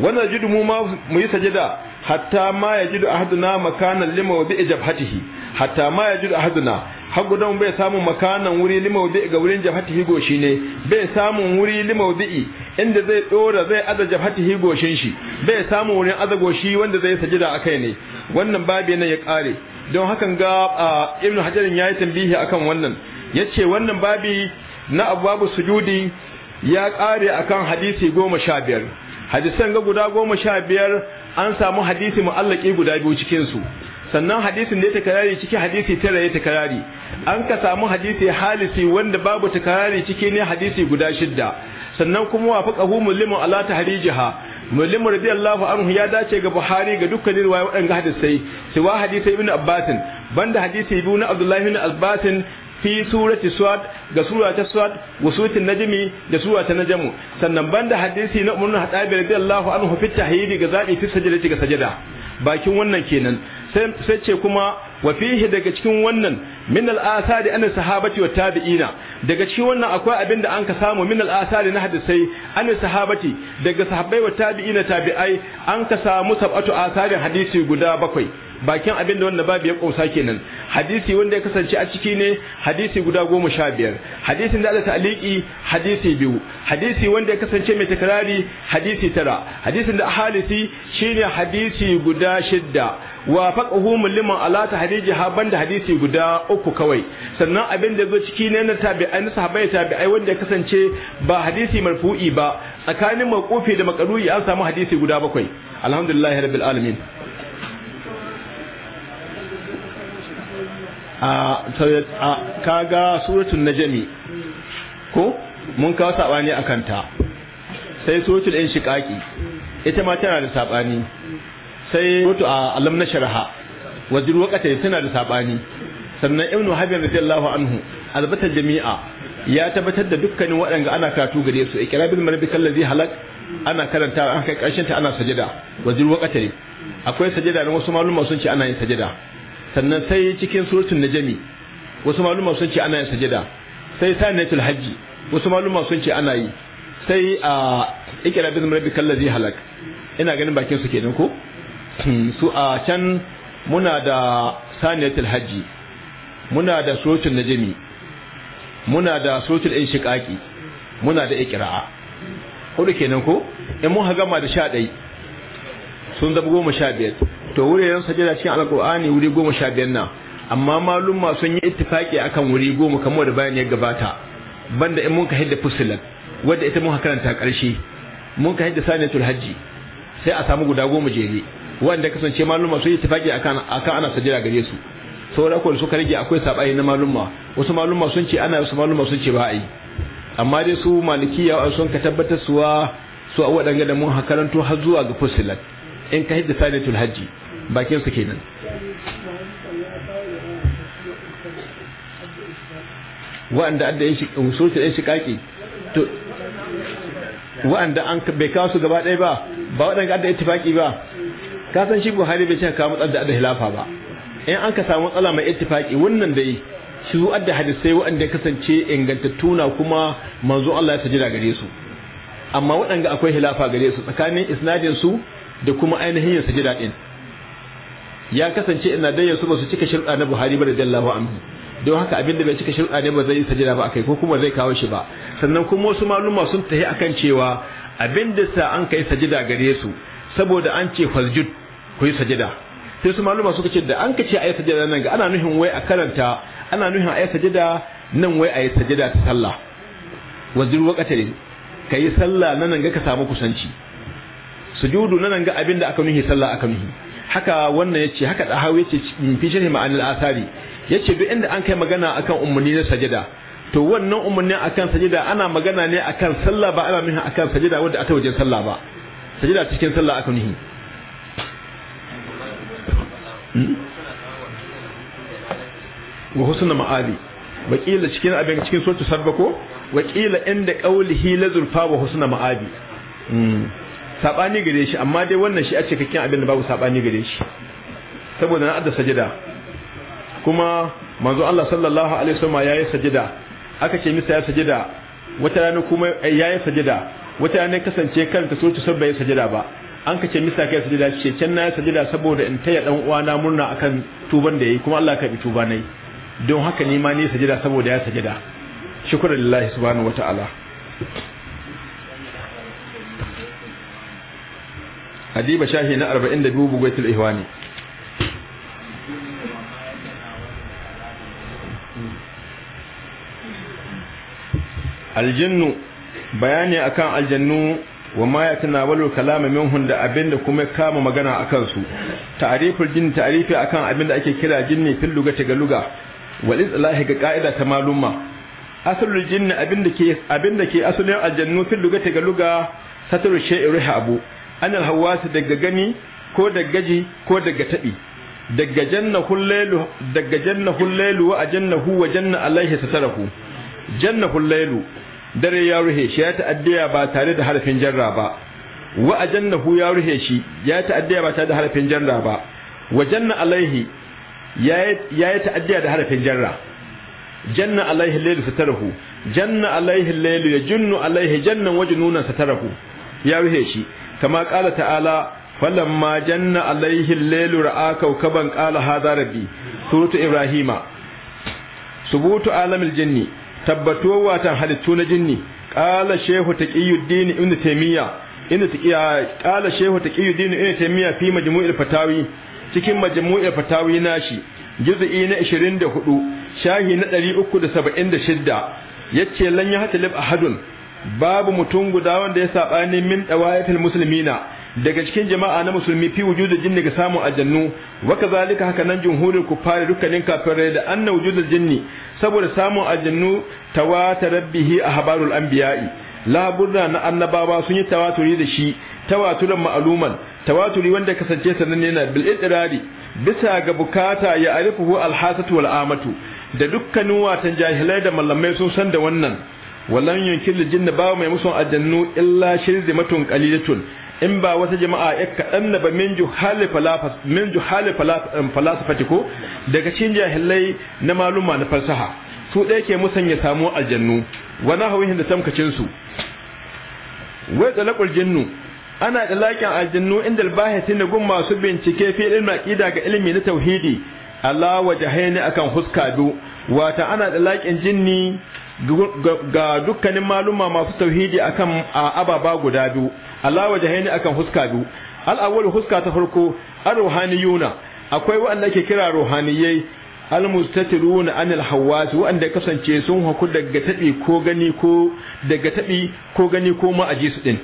[SPEAKER 1] wannan jidu mu ma mu yi sajada hatta ma ya jidu ahaduna makanan lima wa bi jabhatihi hatta ma ya jidu ahaduna har gudan bai samun makanan wuri lima wa bi ga wurin jabhatihi goshi ne bai samun wuri lima wa bi inda zai dora zai aza jabhatihi goshin shi bai samun wurin aza goshi wanda zai sajada akai ne wannan babi ne ya kare don hakan ga ibnu hajarin yayi tambihi akan wannan yace wannan babi na abwabu sujudi ya kare akan hadisi goma sha biyar hadisan ga guda goma sha biyar an samu hadisi mu'allaki guda biyu cikin su sannan hadisin da ya takarari ciki hadisi tara ya takarari an ka samu hadisi halisi wanda babu takarari ciki ne hadisi guda shidda sannan kuma wa faqahu mulimu ala tahrijiha mulimu radiyallahu anhu ya dace ga buhari ga dukkanin riwaya wadanga hadisai siwa hadisi ibnu abbasin banda hadisi biyu na abdullahi ibn abbasin fi surati swad ga sura ta swad wa surati najmi da sura ta najmu sannan banda hadisi na umar hadabi radiyallahu anhu fi tahyidi ga zabi fi sajdati ga sajada bakin wannan kenan sai ce kuma wa fihi daga cikin wannan min al-athari an sahabati wa tabi'ina daga cikin wannan akwai abin da an ka samu min al-athari na hadisai an sahabati daga sahabbai wa tabi'ina tabi'ai an ka samu sab'atu atharin hadisi guda bakwai bakin abin da wannan babu ya kosa kenan hadisi wanda ya kasance a ciki ne hadisi guda goma sha biyar hadisin da Allah ta'aliki hadisi biyu hadisi wanda ya kasance mai takarari hadisi tara hadisin da ahalisi shine hadisi guda shidda wa faqahu mulliman ala hadiji haban da hadisi guda uku kawai sannan abin da zo ciki ne na tabi'ai na sahabbai tabi'ai wanda ya kasance ba hadisi marfu'i ba tsakanin makufi da makaru'i an samu hadisi guda bakwai alhamdulillahi rabbil alamin a kaga suratul najmi ko mun kawo sabani akan ta sai suratul inshiqaqi ita ma tana da sabani sai suratul alam nasharha wajin wakata tana da sabani sannan ibnu habib radiyallahu anhu albatal jami'a ya tabbatar da dukkanin waɗanda ana karatu gare su ikrabil bil marbikal halak ana karanta an kai karshen ta ana sajada wajin wakata akwai sajada na wasu malumma sun ce ana yin sajada sannan sai cikin suratul najmi wasu maluma sun ce ana yin sajada sai sanatul hajji wasu maluma sun ce ana yi sai a ikira bizm rabbikal ladzi halak ina ganin bakin su kenan ko su a can muna da sanatul hajji muna da suratul najmi muna da suratul inshiqaqi muna da ikra'a hudu kenan ko in mun gama da 11 sun zama goma sha biyar to wuri yan sajada cikin alkur'ani wuri goma sha biyar na amma malumma sun yi ittifaki akan wuri goma kamar da bayan ya gabata banda in mun ka hidda fusilat wadda ita mun karanta karshe mun ka hidda sanatul hajji sai a samu guda goma jere wanda kasance malumma sun yi ittifaki akan akan ana sajada gare su saboda ko suka rage akwai sabai na malumma wasu malumma sun ce ana wasu malumma sun ce ba ai amma dai su malikiya sun ka tabbatar suwa su a waɗanga da mun hakaranto har zuwa ga fusilat in ka hidda sanatul hajji bakin su kenan wa'anda adda yin sosai yin shiƙaƙi to
[SPEAKER 2] wa'anda an bai kawo su
[SPEAKER 1] gaba ɗaya ba ba waɗanda adda ittifaqi ba ka san shi Buhari bai ce ka matsalar da adda hilafa ba in an ka samu matsala mai ittifaki wannan dai shi zuwa adda hadisai waɗanda kasance ingantattu na kuma manzo Allah ya tajira gare su amma waɗanda akwai hilafa gare su tsakanin isnadin su da kuma ainihin yin sajida ɗin. ya kasance ina da yanzu ba su cika shirɗa na Buhari ba radiyallahu anhu don haka abinda bai cika shirɗa ne ba zai jira ba akai ko kuma zai kawo shi ba sannan kuma wasu maluma sun tafi akan cewa abinda sa an kai sajida gare su saboda an ce fasjud ku yi sajida sai su maluma suka ce da an ka ce ayi sajida nan ga ana nuhin wai a karanta ana nuhin ayi sajida nan wai ayi sajida ta sallah wazir waqatin kai sallah nan ga ka samu kusanci sujudu nan ga abinda aka nuhi sallah aka nuhi haka wannan yace haka dahawi yace fi sharhi ma'anil athari yace duk inda an kai magana akan ummuni na sajada to wannan ummuni akan sajada ana magana ne akan sallah ba ana nufin akan sajada wanda ata wajen sallah ba sajada cikin sallah aka nuhi hmm? wa husna ma'ali wa qila cikin abin cikin suratu sabba ko wa qila inda qawlihi la zulfa wa husna ma'ali hmm. sabani gare shi amma dai wannan shi a cikakken abin da babu sabani gare shi saboda na adda sajida kuma manzo Allah sallallahu alaihi wasallam yayi sajida aka ce misa ya sajada wata rana kuma eh, yayi sajida wata rana kasance kanta so ta sabba yayi sajada ba an kace misa kai sajada ce can na sajida saboda in taya dan uwana murna akan tuban da yayi kuma Allah ka bi tuba nai don haka ni ma ni sajida saboda ya sajida shukran subhanahu wataala hadiba shahi na 42 bugaitul ihwani aljannu bayani akan aljannu wa ma yatanawalu kalama minhum da abinda kuma kama magana akan su ta'riful jinn ta'rifi akan abinda ake kira jinni fil lugati ga luga wal izlahi ga qa'ida ta maluma asalul jinn abinda ke abinda ke asalin aljannu fil lugati ga luga satrul shay'i abu. anil hawasi daga gani ko daga gaji ko daga taɓi daga janna hullailu daga janna hullailu wa ajannahu wa janna alaihi satarahu janna hullailu dare ya ruhe shi ya ta'addiya ba tare da harafin jarra ba wa hu ya ruhe shi ya ta'addiya ba tare da harafin jarra ba wa janna alaihi ya yi ta'addiya da harafin jarra janna alaihi lailu satarahu janna alaihi lailu ya junnu alaihi jannan waje nuna satarahu ya ruhe shi kama qala ta'ala falamma janna alaihi al-lailu ra'a kawkaban qala hadha rabbi suratu ibrahima subutu alamil jinni tabbatuwa watan halittu na jinni qala shehu taqiyuddin ibn taymiya inda taqiya qala fi majmu'il fatawi cikin majmu'il fatawi nashi juz'i na 24 shahi na 376 yace lan ya a ahadun babu mutum guda wanda ya sabani min dawayatul muslimina daga cikin jama'a na musulmi fi wujudu jinni ga samun aljannu wa kazalika haka nan jumhurul kufari dukkanin kafirai da anna wujudu jinni saboda samun aljannu tawatar a ahbarul anbiya'i la na annabawa sun yi tawaturi da shi tawaturan ma'aluman tawaturi wanda kasance sananne na bil idrari bisa ga bukata ya arifuhu alhasatu wal amatu da dukkanin watan jahilai da mallamai sun san da wannan walan yunkil jinna ba mai musun aljannu illa shirzimatun qalilatun in ba wata jama'a ya kaɗan na ba min juhali falasafati ko daga cikin jahilai na maluma na falsaha su ɗaya ke musanya samu aljannu wani hawihin da tamkacin su wai talakul jinnu ana da laƙin aljannu inda albahisi da gun masu bincike fi ilmi aqida ga ilmi na tauhidi ala wajahaini akan huska biyu wata ana da laƙin jinni ga dukkanin maluma masu tauhidi akan ababa guda biyu Allah haini akan huska biyu al'awwal huska ta farko ar-ruhaniyuna akwai waɗanda ake kira ruhaniyai al-mustatiruna anil hawas waɗanda kasance sun haku daga tabi ko gani ko daga tabi ko gani ko ma aji su din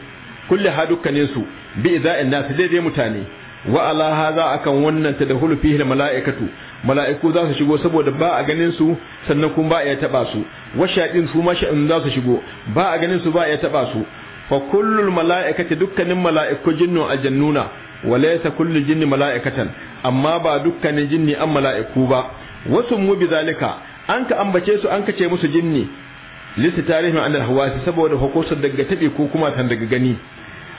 [SPEAKER 1] kulli ha dukkanin su bi idza'in nas daidai mutane wa ala hadha akan wannan tadahulu fihi al-mala'ikatu mala'iku za su shigo saboda ba a ganin su sannan kuma ba a iya taba su washaɗin su ma sha'in za su shigo ba a ganin su ba a iya taba su fa kullul mala'ikati dukkanin mala'iku jinnun aljannuna wa laysa kullu jinni mala'ikatan amma ba dukkanin jinni an mala'iku ba wasu mu bi zalika an ka ambace su an kace musu jinni lissa tarihin annal hawasi saboda hukusar daga tabe ko kuma tan daga gani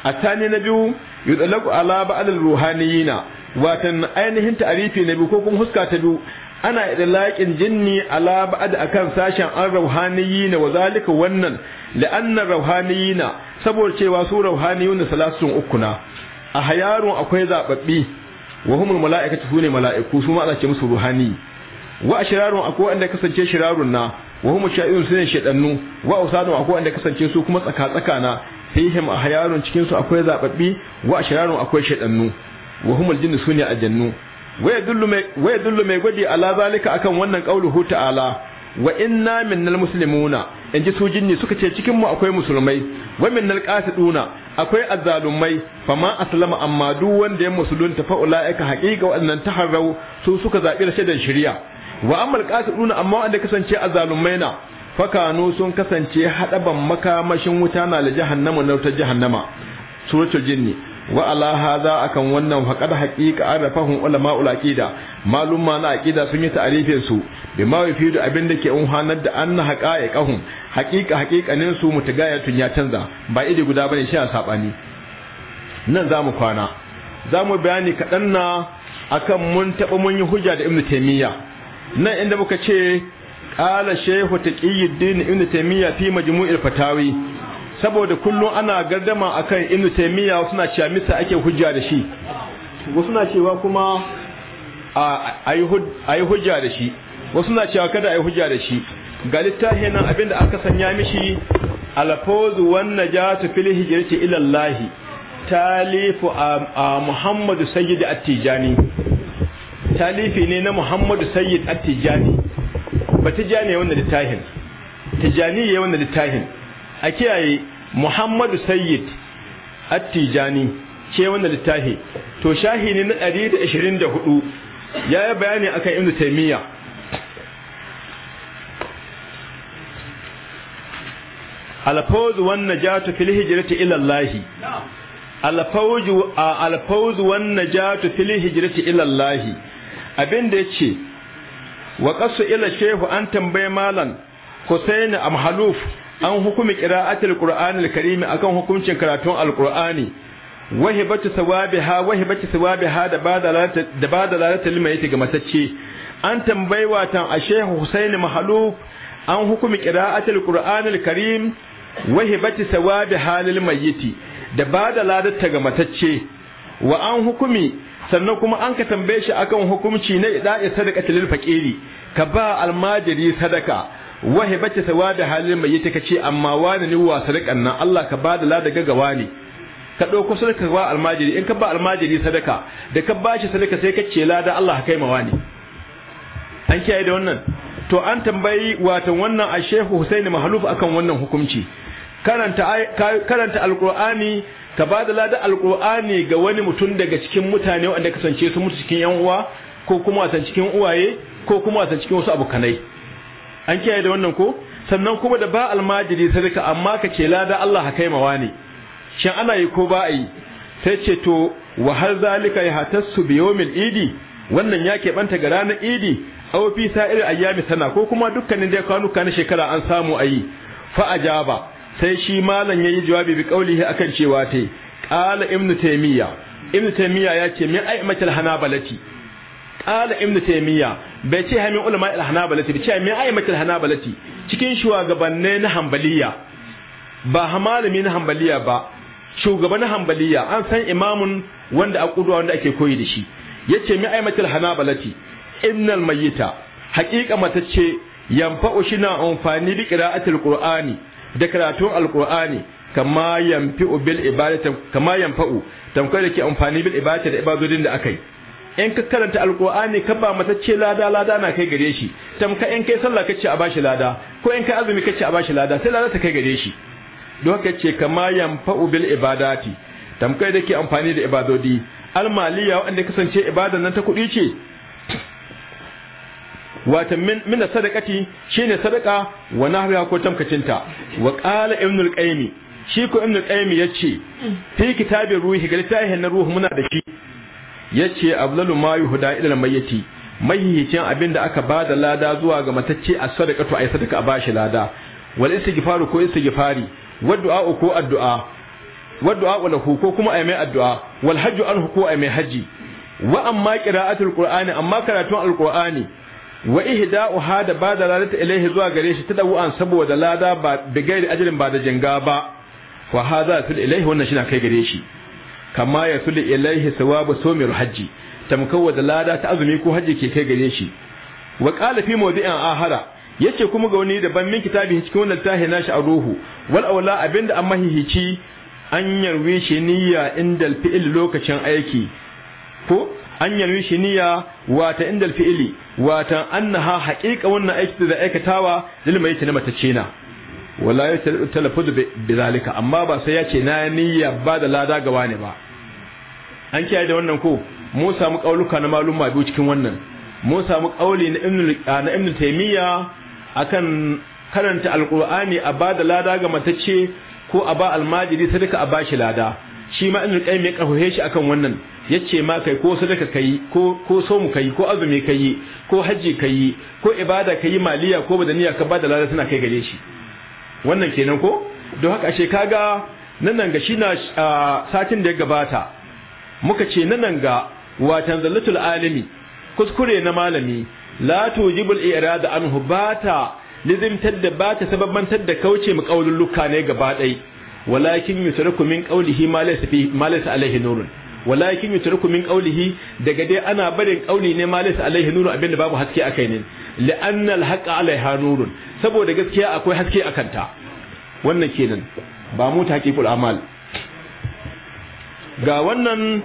[SPEAKER 1] الثاني نبيو يطلق على بعض ruhaniyina watan ainihin ta'arifi na biyu ko kuma huska ta biyu ana laƙin jinni ala ba'ad akan sashen an rauhaniyina wa zalika wannan la'anna rauhaniyina saboda cewa su rauhaniyun uku ukuna a hayarun akwai zababbi wa humul mala'ikatu sune mala'iku su ma ana ce musu ruhani wa ashrarun akwai wanda kasance shirarun na wa hum sha'irun sune shedannu wa ausanun akwai wanda kasance su kuma tsaka tsaka na fihim a hayarun cikin su akwai zababbi wa ashrarun akwai shedannu wa humul jinnu sunni aljannu wa yadullu mai gwadi ala zalika akan wannan qauluhu ta'ala wa inna minnal muslimuna inji su jinni suka ce cikin mu akwai musulmai wa minnal qasiduna akwai azzalumai fama aslama amma duk wanda ya musulunta fa ulaika haqiqa wannan taharrau su suka zabi rashidan shari'a wa amal qasiduna amma wanda kasance azzalumai na fakanu sun kasance hadaban makamashin wuta na jahannama na wutar jahannama suratul jinni wa ala hadha akan wannan faqad haqiqa arafahu ulama ul aqida malum ma na aqida sun yi ta'rifin su bima da abin da ke unhanar da anna haqaiqahum haqiqa haqiqanin su tun ya canza ba ide guda bane shi a sabani nan zamu kwana zamu bayani kadan na akan mun taba mun yi hujja da ibnu taymiya nan inda muka ce qala shaykhu taqiyuddin ibnu taymiya fi majmu'il fatawi saboda kullum ana gardama akan inu taimiyya wasu na cewa misa ake hujja da shi wasu na cewa kuma a yi hujja da shi wasu na cewa kada a yi hujja da shi ga littafin nan abinda aka sanya mishi alfazu wan najatu fil fili ila allah talifu a muhammadu sayyid at-tijani talifi ne na muhammadu sayyid at-tijani ba tijani wannan littafin tijani ya wannan littafin a kiyaye muhammadu sayyid attijani ce wanda littafi to shahi ne na 124 ya yi bayani akan ibnu inda alfawz wan najatu fil hijrati ila allah alfawz alfawz wan najatu fil hijrati abinda wa qasu ila shehu an tambaye malan husaini mahaluf. an hukumi qira'atul qur'anil karim akan hukuncin karatun alqur'ani wahibatu sawabiha wahibatu sawabiha da badalata da badalata ta ga matacce an tambaiwa tan a shehu husaini mahaluf an hukumi qira'atul qur'anil karim wahibatu sawabiha lil mayyiti da badalata ga matacce wa an hukumi sannan kuma an ka tambaye shi akan hukumci na ida'i sadaqatul faqiri ka ba almajiri sadaka Wahe bace ta wada halin mai yake kace amma wani ne wasa rikan nan Allah ka bada la daga gawa ne ka dauko sadaka ba almajiri in ka ba almajiri sadaka da ka bashi sadaka sai ka ce la da Allah kai ma wani an kiyaye da wannan to an tambayi watan wannan a Shehu Husaini Mahaluf akan wannan hukunci karanta karanta alqur'ani ka bada la da alqur'ani ga wani mutum daga cikin mutane wanda kasance su mutu cikin yan uwa ko kuma watan cikin uwaye ko kuma watan cikin wasu abokanai an kiyaye da wannan ko sannan kuma da ba almajiri sadaka amma ka ce lada Allah kai mawa ne shin ana yi ko ba a yi sai ce to wa har zalika ya hatassu bi yawmil idi wannan ya keɓanta ga ranar idi aw fi sa'ir ayyami sana ko kuma dukkanin da kwanuka na shekara an samu ayi fa ajaba sai shi malam yayi jawabi bi qaulihi akan cewa tai qala ibnu taymiya ibnu taymiya ya ce min aimatul hanabalati qala ibnu taymiya bai ce hamin ulama al-hanabalati bai ce hanabalati cikin shugabanne na hanbaliya ba malami na hanbaliya ba shugaba na hanbaliya an san imamun wanda a kuduwa wanda ake koyi da shi yace min aimatul hanabalati innal mayyita haqiqa matacce yanfa ushina amfani bi qira'atil qur'ani da karatun alqur'ani kama yanfi bil ibadati kama yanfa tamkai da ke amfani bil ibadati da ibadodin da akai in ka karanta alkur'ani ka ba matacce lada lada na kai gare shi tamka in kai sallah kace a bashi lada ko in kai azumi kace a bashi lada sai lada ta kai gare shi don haka ce kama yanfa'u bil ibadati tamkai da ke amfani da ibadodi almaliya wanda kasance ibada nan ta kuɗi ce wata min sadaqati shine sadaka wa nahriha ko tamkacinta wa qala ibnul qayyim shi ko ibnul qayyim yace fi kitabir ruhi ga littafin na ruhu muna da shi yace ablalu ma yuhda ila mayyiti mahihicin abinda aka ba da lada zuwa ga matacce a sadaqatu ay sadaqa a bashi lada wal istighfaru ko istighfari wad'a ko addu'a wad'a hu ko kuma ay mai addu'a wal hajju anhu ko ay mai haji wa amma qira'atul qur'ani amma karatun alqur'ani wa ihda'u hada bada lada ladata ilaihi zuwa gare shi ta tadawu an saboda lada ba bigairi ajrin ba da jinga ba wa hada tul ilaihi wannan shi na kai gare shi kama ya sulu ilaihi sawabu somir hajji tamkawa da lada ta azumi ko hajji ke kai gare shi wa qala fi mawdi'in ahara yace kuma ga wani daban min kitabi cikin wannan tahi nashi a ruhu wal awla abinda amma hihici an yarwe shi niyya indal fi'il lokacin aiki ko an yarwe shi niyya wata indal fi'ili wata annaha haqiqa wannan aiki da aikatawa lil mayyit na mata na wala ya talaffuz bi zalika amma ba sai ya ce na niyya ba da lada ga wani ba an kiyaye da wannan ko mu samu kauluka na malum biyu cikin wannan mu samu kauli na ibnu na ibnu taymiya akan karanta alqur'ani a ba da lada ga matace ko a ba almajiri sadaka a ba shi lada shi ma ibnu qayyim ya kafuhe shi akan wannan yace ma kai ko sadaka kai ko ko so mu kai ko azumi kai ko haji kai ko ibada kai maliya ko badaniya ka ba da lada tana kai gare shi wannan kenan ko don haka ashe kaga nan nan ga shi na satin da ya gabata muka ce nan nan ga watan zallatul alimi kuskure na malami la tujibul irada anhu bata lazim tadda bata sababan tadda kauce mu kaulul lukka ne gaba dai walakin yusraku min qawlihi ma laysa fi ma laysa alaihi nurun walakin yutruku min qawlihi daga dai ana barin qawli ne ma laysa alaihi nurun abinda babu haske akai ne la'annal haƙa alaiha nurun saboda gaskiya akwai haske a kanta. wannan kenan ba mu tahqiqul amal ga wannan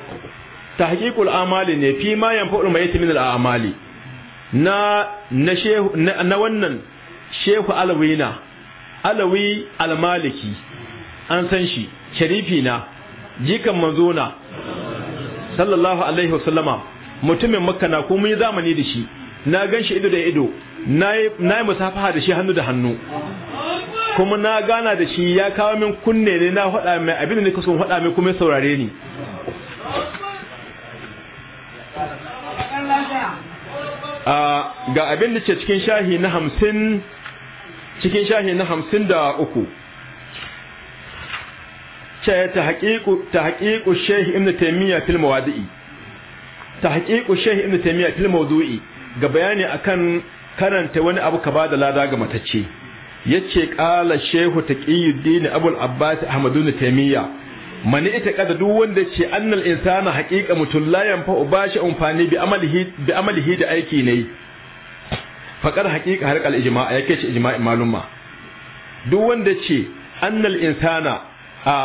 [SPEAKER 1] tahqiqul amali ne fi ma yanfa'u mai min al amali na na shehu na wannan shehu alawina alawi almaliki an san shi sharifi na jikan na. sallallahu alaihi wasallama mutumin makka na kuma yi zamani da shi na gan shi ido da ido na yi musafaha da shi hannu da hannu kuma na gana da shi ya kawo min kunne ne na hada mai abin da ne kusan hada mai kuma saurare ni ga abin da ce cikin shahi na hamsin cikin shahi na hamsin da uku ce ta haƙiƙu shehi imna taimiyya fil mawadi'i ta haƙiƙu shehi imna taimiyya fil mawdu'i ga bayani akan karanta wani abu ka bada lada ga matacce yace qala shehu taqiyuddin abul abbas ahmadun taymiya mani ita kada duk wanda ce annal insana haqiqa mutul la yanfa bashi amfani bi amalihi bi amalihi da aiki ne faqar haqiqa harqal ijma'a yake ce ijma'in malumma duk wanda ce annal insana a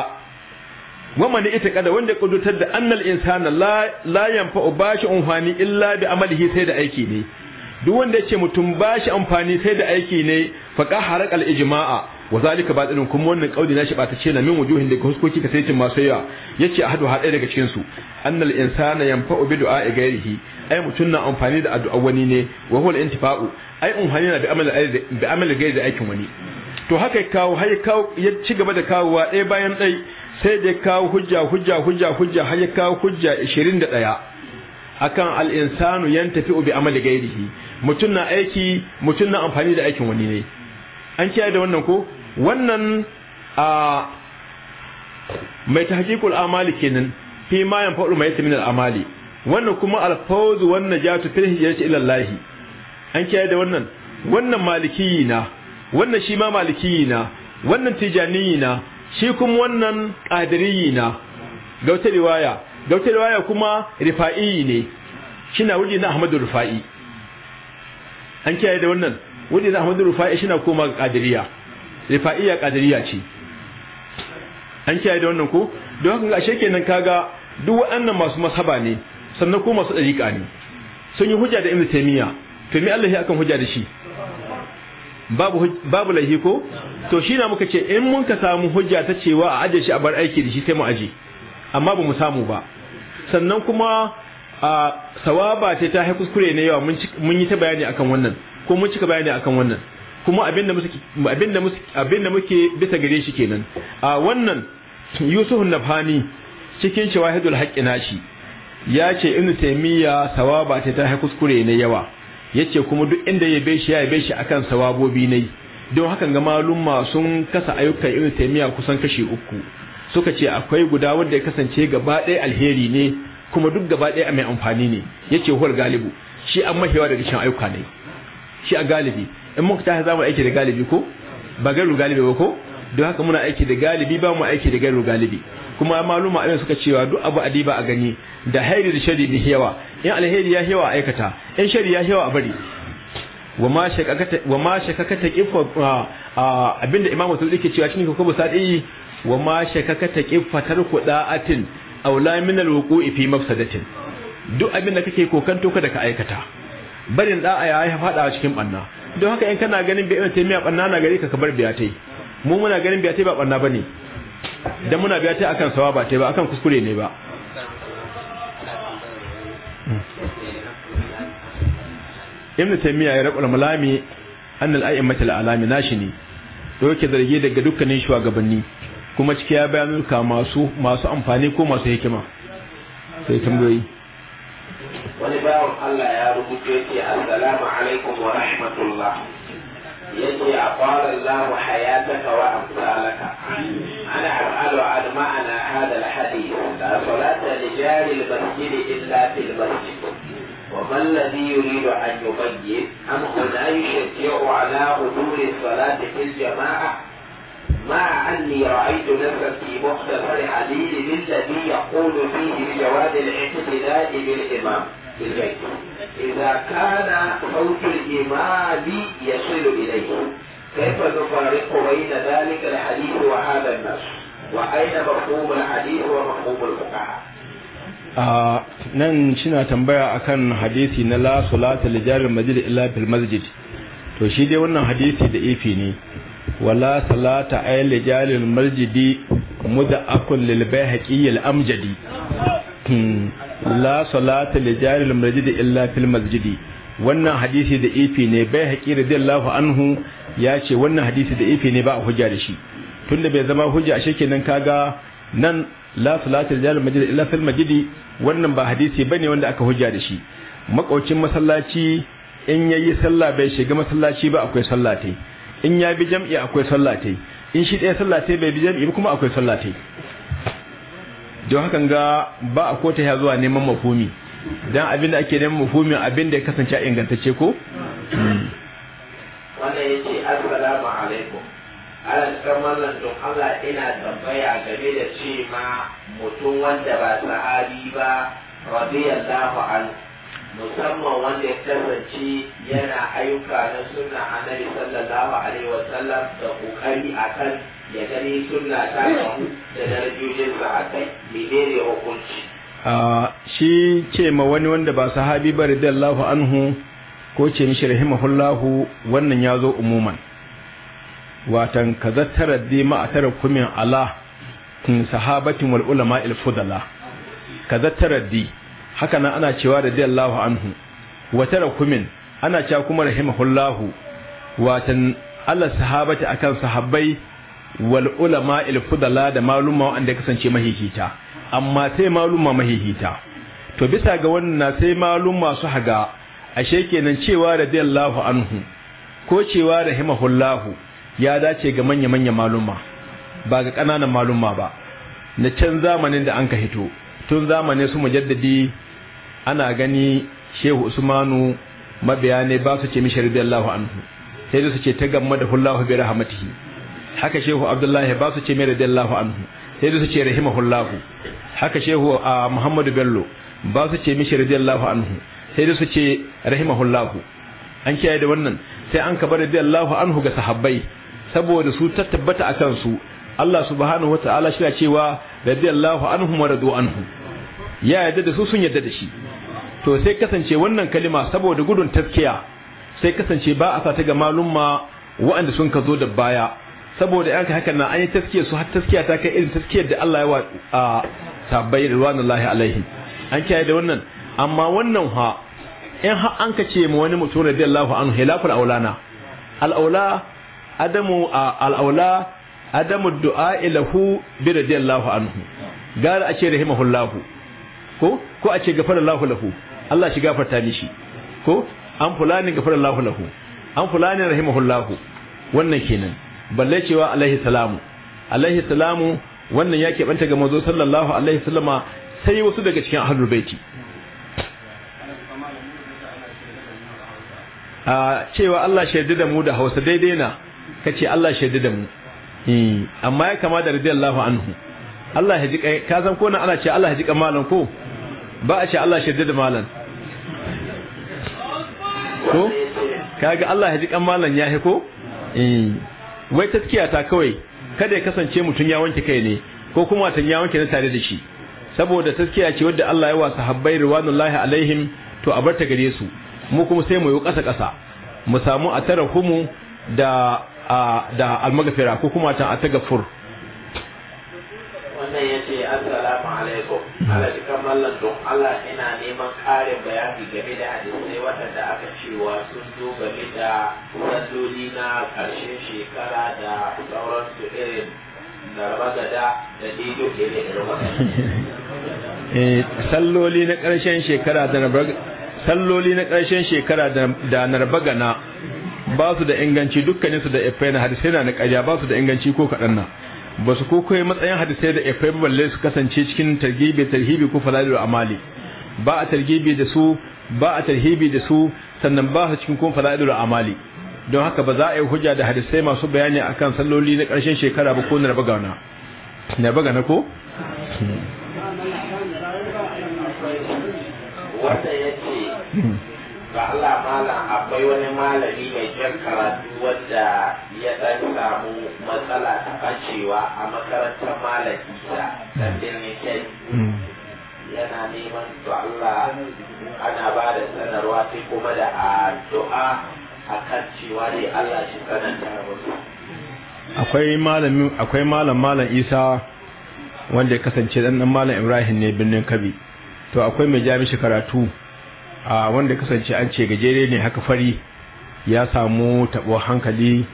[SPEAKER 1] wa ita kada wanda kudutar da annal insana la la yanfa'u bashi amfani illa bi amalihi sai da aiki ne duk wanda yace mutum bashi amfani sai da aiki ne fa qahara al ijma'a wa zalika batilun kuma wannan kauli nashi ba ta ce na min wujuhin da huskoki ka sai cin masu yawa yace ahadu har daga cikin su annal insana yanfa bi du'a'i ghairihi ai mutum na amfani da addu'a wani ne wa hul intifa'u ai amfani na bi amal bi amal ghairi da aikin wani to haka kawo har ya ci gaba da kawowa ɗaya bayan ɗaya sai da kawo hujja hujja hujja hujja har ya kawo hujja 21 akan al-insanu yantafi bi amali gairihi mutun na aiki mutun na amfani da aikin wani ne an kiyaye da wannan ko wannan a mai tahqiqul amali kenan fi ma fadu mai min al-amali wannan kuma al-fawz wan najatu fil hijrati ila Allah an kiyaye da wannan wannan malikiyi na wannan shi ma malikiyi na wannan tijaniyi na shi kuma wannan qadiriyi na ga wata riwaya ga wata riwaya kuma rifa'i ne shina wuri na Ahmadu Rufa'i an kiyaye da wannan wuri na Ahmadu Rufa'i na koma ga qadiriya ya qadiriya ce an kiyaye da wannan ko don haka ashe kenan kaga duk waɗannan masu masaba ne sannan kuma masu dariƙa ne sun yi hujja da Ibn Taymiyyah to me Allah ya akan hujja da shi babu babu ko to shi na muka ce in mun ka samu hujja ta cewa a ajiye shi a bar aiki da shi sai mu aje amma ba mu samu ba sannan kuma a sawaba ce ta haiku kuskure ne yawa mun yi ta bayani akan wannan ko mun cika bayani akan wannan kuma abinda muke abinda muke bisa gare shi kenan a wannan Yusuf Nafani cikin shawahidul haqqi shi ya ce ibnu taymiya sawaba ce ta haiku kuskure ne yawa yace kuma duk inda ya bai shi ya bai shi akan sawabobi ne don hakan ga malumma sun kasa ayyukan irin taymiya kusan kashi uku suka ce akwai guda wanda ya kasance gaba ɗaya alheri ne kuma duk gaba ɗaya mai amfani ne yace huwal galibu shi an mahewa daga cikin ayyuka ne shi a galibi in muka ta za mu aiki da galibi ko ba galibi ba ko don haka muna aiki da galibi ba mu aiki da gairu galibi kuma maluma abin suka cewa duk abu adiba a gani da hairi da shari da hewa in alheri ya a aikata in shari ya hewa a bari wa ma ta kifa abinda imamu sun ke cewa cikin kuka busadi wa ma shakakata kifa tarku da'atin aw la min alwuqu'i fi mafsadatin duk abinda kake kokanto da ka aikata barin da'a ya fada cikin banna don haka in kana ganin bai ta miya banna na gare ka ka bar biya tai mu muna ganin biya tai ba banna bane dan muna biya ta akan sawa ba ta ba akan kuskure ne ba ibn taymiya ya rabu malami a'immat al alami nashi ne da yake zargi daga dukkanin shugabanni kuma ciki ya bayanu ka masu masu amfani ko masu hikima sai tambayoyi
[SPEAKER 3] wani bayan Allah ya rubuto yake assalamu alaikum wa rahmatullah يقول أطال الله حياتك وأمثالك أنا أسأل عن معنى هذا الحديث لا صلاة لجار المسجد إلا في المسجد وما الذي يريد أن يبين أم هنا يشجع على حضور الصلاة في الجماعة مع أني رأيت نفسا في مختصر حديث الذي يقول فيه بجواز الاعتداء بالإمام إليه إذا كان صوت الإمام يصل إليه كيف نفرق بين ذلك الحديث وهذا النص وأين مفهوم الحديث ومفهوم الفقهاء
[SPEAKER 1] a nan shina tambaya akan hadisi na la salata li jaril masjid illa fil masjid to shi dai wannan hadisi da ifi ne wala salata ay li jaril masjid mudakun lil bayhaqi al amjadi la salata li jaril masjid illa fil masjid wannan hadisi da ifi ne bai haƙi radiyallahu anhu ya ce wannan hadisi da ifi ne ba a hujja da shi tunda bai zama hujja ashe kenan ga nan la salata li jaril masjid illa fil masjid wannan ba hadisi ne wanda aka hujja da shi makaucin masallaci in yayi sallah bai shiga masallaci ba akwai sallah in ya bi jam'i akwai sallah in shi ɗaya sallah bai bi jam'i kuma akwai sallah don hakan ga ba a kota ya zuwa neman mafumi don abin da ake neman mafumin abin da ya kasance ingantacce ko
[SPEAKER 3] wannan ya ce assalamu alaikum ala tsamallan don Allah ina tambaya game da ce ma mutum wanda ba sahabi ba radiyallahu anhu musamman wanda ya kasance yana ayyuka na suna annabi sallallahu alaihi wasallam da kokari akan ya gani sunna ta da darajojin da aka menene hukunci
[SPEAKER 1] shi ce ma wani wanda ba sahabi ba radiyallahu anhu ko ce mishi rahimahullahu wannan ya zo umuman watan kaza tara dai ma a tara kumin ala kun sahabatin wal ulama il fudala kaza tara dai haka nan ana cewa radiyallahu anhu wa tara kumin ana cewa kuma rahimahullahu watan Allah sahabati akan sahabbai wal ulama il fudala da maluma wanda kasance mahihita amma sai maluma mahihita to bisa ga wannan sai maluma su haga ashe kenan cewa radiyallahu anhu ko cewa rahimahullahu ya dace ga manya manya maluma ba ga kananan maluma ba na can zamanin da anka hito tun zamanin su mujaddadi ana gani shehu usmanu mabiya ba su ce mishi radiyallahu anhu sai su ce ta gamma da hullahu bi rahmatihi haka shehu abdullahi ba su ce mai radiyallahu anhu sai da su ce rahimahullahu haka shehu a muhammadu bello ba su ce mishi radiyallahu anhu sai da su ce rahimahullahu an kiyaye da wannan sai an kaba radiyallahu anhu ga sahabbai saboda su ta tabbata a kansu Allah subhanahu wataala shi cewa radiyallahu anhu mara radu anhu ya yadda da su sun yadda da shi to sai kasance wannan kalima saboda gudun taskiya sai kasance ba a sa ta ga malumma waɗanda sun ka zo da baya saboda yanka hakan na an yi taskiya su har taskiya ta kai irin taskiyar da Allah ya wa sabbai ridwanullahi alaihi an kiyaye da wannan amma wannan ha in har an ka ce mu wani mutum radiyallahu anhu hilaful aulana al-aula adamu al-aula adamu du'a ilahu bi radiyallahu anhu gara a ce rahimahullahu ko ko a ce gafarallahu lahu Allah shi gafarta mishi ko an fulani gafarallahu lahu an fulani rahimahullahu wannan kenan balle cewa alaihi salamu alaihi salamu wannan ya keɓanta ga mazo sallallahu alaihi sallama sai wasu daga cikin ahlul baiti a cewa Allah shaidu da mu da Hausa daidai na kace Allah shaidu da mu eh, amma ya kama da radiyallahu anhu Allah ya ji ka san ko nan ana ce Allah ya ji kamalan ko ba a ce Allah shaidu da malan ko kaga Allah ya ji kamalan ya ko eh wai taskiya ta kawai kada ya kasance mutum ya wanke kai ne ko kuma ta ya wanke na tare da shi saboda taskiya ce wadda Allah ya wa sahabbai riwanullahi alaihim to a barta gare su mu kuma sai mu yi kasa kasa mu samu a da da almagafira ko kuma ta atagfur
[SPEAKER 3] wannan ya ce assalamu alaikum ala cikin mallan don Allah ina neman ƙarin bayani game da hadisai waɗanda aka cewa sun zo game da salloli na ƙarshen shekara da sauran su irin gada da dido ke da irin
[SPEAKER 2] eh,
[SPEAKER 1] salloli na ƙarshen shekara da salloli na ƙarshen shekara da narbagana ba su da inganci dukkaninsu da na hadisai na na ƙarya ba su da inganci ko kaɗan na. ba su yi matsayin hadisai da efraim balle su kasance cikin targibi tarhibi ko falalul amali ba a targibi da su ba a tarhibi da su sannan ba su cikin kuma falalul amali don haka ba za a yi hujja da hadisai masu bayani akan salloli na ƙarshen shekara ba ko na raba gauna na gana ko
[SPEAKER 3] wanda ya ce ga Allah malam akwai wani malami mai jan karatu wadda ya dan samu matsala ta bacewa a makarantar malami Isa dan birnin hmm. yana neman to Allah ana ba da sanarwa sai kuma da addu'a kan cewa dai Allah shi sananta musu
[SPEAKER 1] akwai malamin akwai malam malam Isa wanda ya kasance dan malam Ibrahim ne birnin kabi to akwai mai shi karatu a wanda kasance an ce gajere ne haka fari ya samu tabo hankali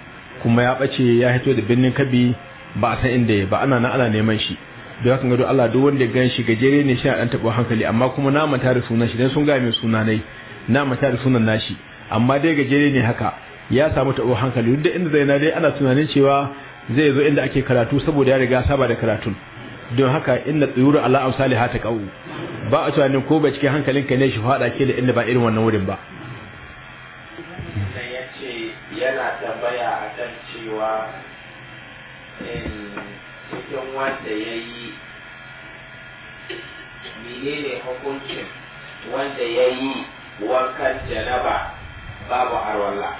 [SPEAKER 1] kuma ya bace ya hito da birnin kabi ba a san inda ya ba ana nan ana neman shi don haka gado Allah duk wanda ya gan shi gajere ne shi a dan tabo hankali amma kuma na mata da sunan shi dan sun ga mai suna nai na mata da sunan nashi amma dai gajere ne haka ya samu tabo hankali duk inda zai na dai ana tunanin cewa zai zo inda ake karatu saboda ya riga saba da karatun don haka inna tsuyuru ala amsaliha ta qau ba a tunanin ko ba cikin hankalinka ne shi fada ke da inda ba irin wannan wurin ba
[SPEAKER 3] yana tambaya a kan cewa eh, cikin wanda ya yi menene hukuncin wanda ya yi wankan janaba babu arwallah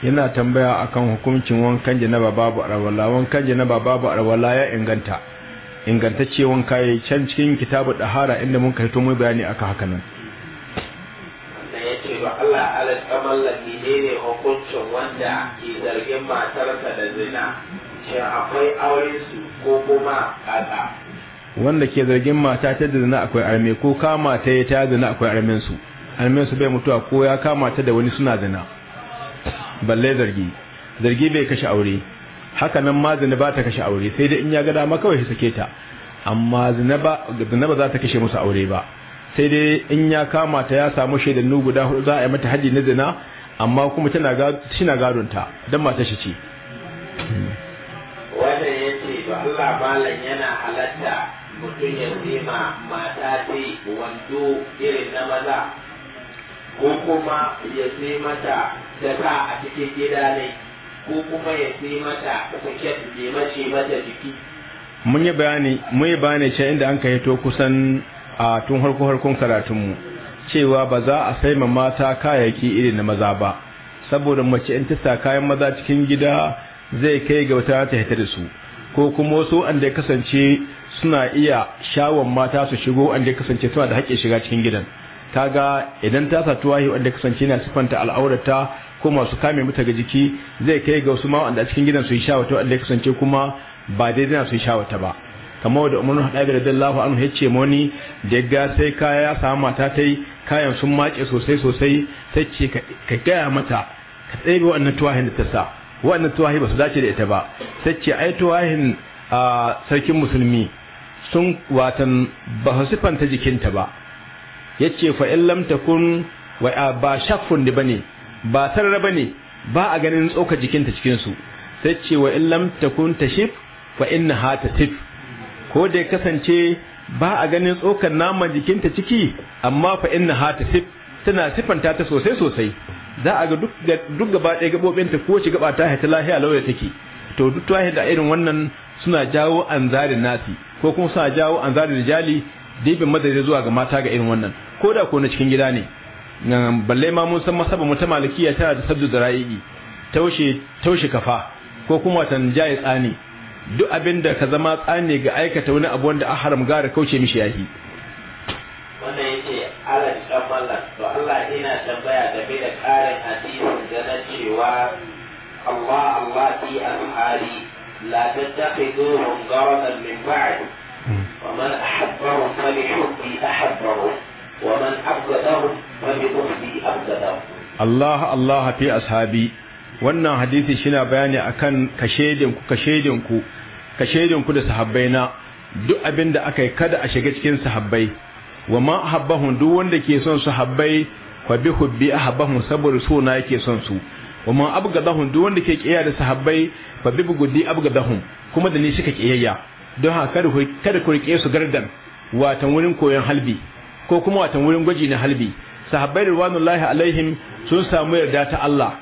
[SPEAKER 1] yana tambaya akan hukuncin wankan janaba babu arwala wankan janaba babu arwala ya inganta ingantacce wanka can cikin kitabu dahara inda mun kai to mu bayani aka haka nan
[SPEAKER 3] yace ba Allah ala tamallaki ne ne hukuncin wanda ke zargin matarsa da zina shi akwai auren su ko kuma kaza
[SPEAKER 1] wanda ke zargin mata ta da zina akwai arme ko kama ta yi ta zina akwai armen su armen su bai mutuwa ko ya kama ta da wani suna zina balle zargi zargi bai kashe aure haka nan ma zinaba ta kashe aure sai dai in ya ga dama kawai shi sake ta amma zinaba zinaba za ta kashe musu aure ba sai dai in ya kama ta ya samu nu guda hudu za a yi mata haji na zina amma kuma tana ga tana gadon ta dan mata shi ce
[SPEAKER 3] wanda yake ba Allah malan yana halatta mutum ya zima mata ce wando irin na maza ko kuma ya zima mata da ta a cikin gida ne ko kuma ya sai mata saket bai mace mata jiki
[SPEAKER 1] mun yi bayani mun yi bayani cewa inda an kai to kusan a tun harko harkon karatunmu cewa ba za a sai ma mata kayayyaki irin na maza ba saboda mace in ta sa kayan maza cikin gida zai kai ga wata ta hita da su ko kuma wasu an da kasance suna iya shawon mata su shigo an da kasance suna da haƙƙin shiga cikin gidan kaga idan ta sa tuwahi wanda kasance na sifanta al'aurata ko masu kame mu ga jiki zai kai ga wasu ma'anda a cikin gidan su yi shawata wanda ya kasance kuma ba daidai na su yi shawata ba kamar wadda umarnu haɗa da dallahu an ya ce moni da ga sai kaya samu mata ta yi kayan sun maƙe sosai sosai ta ce ka gaya mata ka tsaye wannan tuwahin da ta sa wannan tuwahi ba su dace da ita ba ta ce ai tuwahin a sarkin musulmi sun watan ba su sifanta jikinta ba ya ce fa'in lamta kun ba shafin da ba ne ba ba ne ba a ganin tsoka jikinta cikinsu. sai ce wa in illam takun tashif fa hata tif ko da kasance ba a ganin tsokar naman jikinta ciki amma fa hata tif tana sifanta ta sosai sosai za a ga duk gaba ɗaya gaɓoɓinta ko ci gaba ta haita lahiya lauya take to duk ta da irin wannan suna jawo anzarin nasi ko kuma suna jawo anzarin rijali dibin madadin zuwa ga mata ga irin wannan ko da ko na cikin gida ne balle ma mun san masaba mu ta malikiya ta da saddu zara'i taushe taushe kafa ko kuma watan jayi tsani duk abin da ka zama tsani ga aikata wani abu wanda an haram gara kauce mishi yahi
[SPEAKER 3] wannan yake Allah dan mallan to Allah ina tambaya game da karin hadisin da na cewa Allah Allah fi al-hari la tattakhiduhum garadan min ba'd ومن أحبهم فلحبي أحبهم ومن أبغضهم فببغضه أبغضهم
[SPEAKER 1] الله الله في أصحابي wannan hadisi shina bayani akan kashedinku kashedinku kashedinku da sahabbaina duk abin da aka yi kada a shiga cikin sahabbai wa ma ahabbahum duk wanda ke son sahabbai fa bi hubbi ahabbahum saboda so na yake son su wa ma abgadahum duk wanda ke kiyaye da sahabbai fa bi bugudi abgadahum kuma da ni ka kiyayya don haka kada ku rike su gardan watan wurin koyon halbi ko kuma watan wurin gwaji na halbi sahabbai ridwanullahi alaihim sun samu yarda ta Allah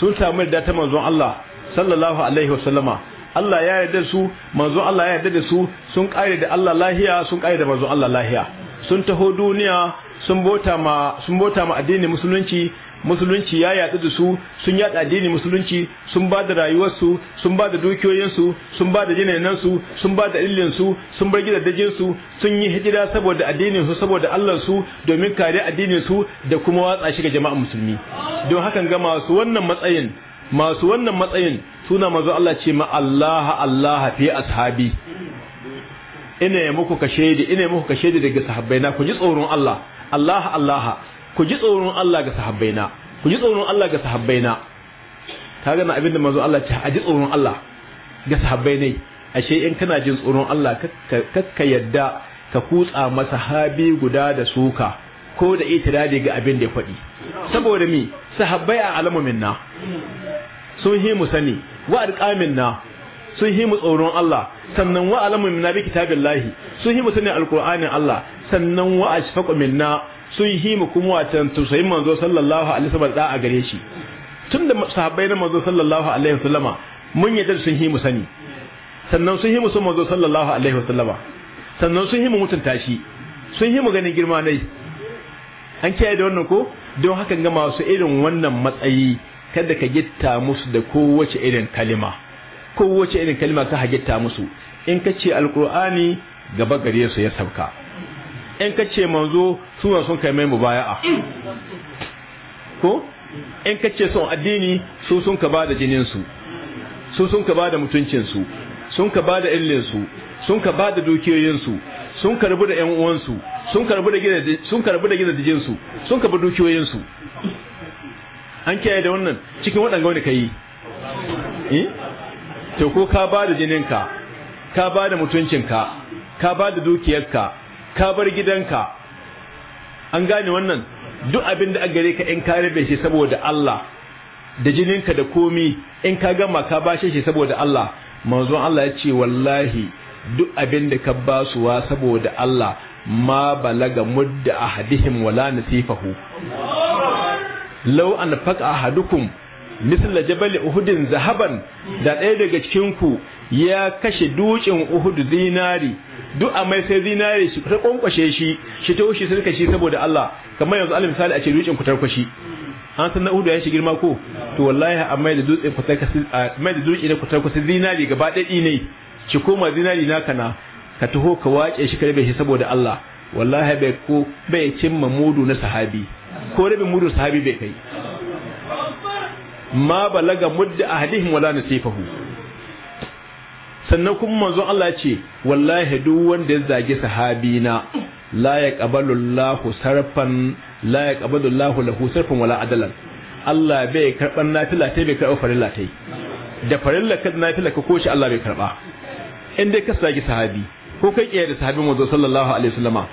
[SPEAKER 1] sun samu yarda ta manzon Allah sallallahu alaihi wasallama Allah ya yarda su manzon Allah ya yarda da su sun kare da Allah lahiya sun kare da manzon Allah lahiya sun taho duniya sun bota ma sun bota ma addinin musulunci musulunci ya yatsu da su sun yaɗa addini musulunci sun ba da rayuwarsu sun ba da dukiyoyinsu sun ba da jinanansu sun ba da illinsu sun bar gidajensu sun yi hijira saboda addinin su saboda Allah su domin kare addinin su da kuma watsa shi ga jama'a musulmi don hakan ga masu wannan matsayin masu wannan matsayin suna manzo Allah ce ma Allah Allah fi ashabi ina muku kashe ina muku kashe daga sahabbai na ku ji tsoron Allah Allah Allah ku ji tsoron Allah ga sahabbaina ku ji tsoron Allah ga sahabbaina ka gana abin da manzo Allah ce a ji tsoron Allah ga sahabbaina ashe in kana jin tsoron Allah ka yadda ka kutsa masa habi guda da suka ko da itiradi ga abin da ya faɗi saboda mi sahabbai a alamumin na sun hi mu sani wa alƙamin na sun hi mu tsoron Allah sannan wa alamumin na bi kitabillahi sun hi mu sani alƙur'anin Allah sannan wa ashfaqu minna sun yi mu kuma wacan tausayin manzo sallallahu alaihi wasallam da a gare shi tun da sahabbai na manzo sallallahu alaihi wasallam mun yadda sun yi sani sannan sun yi mu sun manzo sallallahu alaihi wasallam sannan sun yi mu mutunta shi sun yi mu ganin girma nai an kiyaye da wannan ko don haka ga masu irin wannan matsayi kada ka gitta musu da kowace irin kalima kowace irin kalima ka gitta musu in ka ce alqur'ani gaba gare su ya sauka in ka ce manzo suna sun kai mai mubaya'a mm. ko in ce son addini su sun ka bada jinin su su sun ka bada mutuncin su sun ka bada illin su sun ka bada dukiyoyin su sun karbu da 'yan uwan su sun karbu da gidaje sun karbu da gidajen su sun karbu dukiyoyin su an kiyaye da wannan cikin waɗanga wani kai eh to ko ka bada jinin ka ka bada mutuncin ka ka bada dukiyarka ka bar gidanka an gane wannan duk abin da a gare ka in ka rabe shi saboda Allah da jininka da komi in ka gama ka bashe shi saboda Allah manzon Allah ya ce wallahi duk abin da ka basuwa saboda Allah ma balaga mudda ahadihim wala nasifahu law an faqa ahadukum misla jabal uhudin zahaban da ɗaya daga cikin ku ya kashe dukin uhud zinari duk a mai sai zinare shi ta kwankwashe shi shi ta wuce sun kashi saboda Allah kamar yanzu alal misali a ce dutsen ku tarkwashi an san na ya shi girma ko to wallahi a mai da dutsen ku tarkwashi a mai da dutsen ku tarkwashi zinare gaba ɗaya ne ci koma zinari na na ka taho ka wace shi karbe shi saboda Allah wallahi bai cimma mudu na sahabi ko rabin mudu sahabi bai kai ma balaga mudda ahlihim wala nasifahu sannan kuma manzon Allah ce wallahi duk wanda ya zagi na la yaqbalu Allahu sarfan la yaqbalu Allahu lahu sarfan wala adalan Allah bai karban nafila tai bai karban farilla tai da farilla ka nafila ka koshi Allah bai karba in dai ka zagi sahabi ko kai kiyaye da sahabin manzon sallallahu alaihi wasallama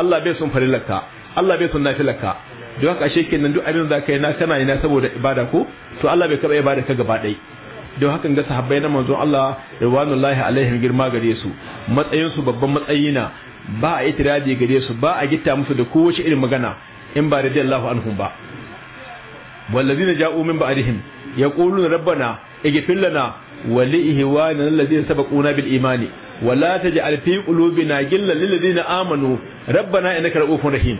[SPEAKER 1] Allah bai son farillar ka Allah bai son nafilar ka don haka ashe kenan duk abin da kai na kana ina saboda ibada ko to Allah bai karba ibada ka gaba dai don hakan ga sahabbai na manzon Allah rawanullahi alaihim girma gare su matsayin su babban matsayi na ba a yi tiradi gare su ba a gitta musu da kowace irin magana in ba da radiyallahu anhum ba walladina ja'u min ba'dihim yaquluna rabbana ighfir lana wa li ihwana alladhina sabaquna bil imani wa la taj'al fi qulubina ghillan lil ladina amanu rabbana innaka ra'ufur rahim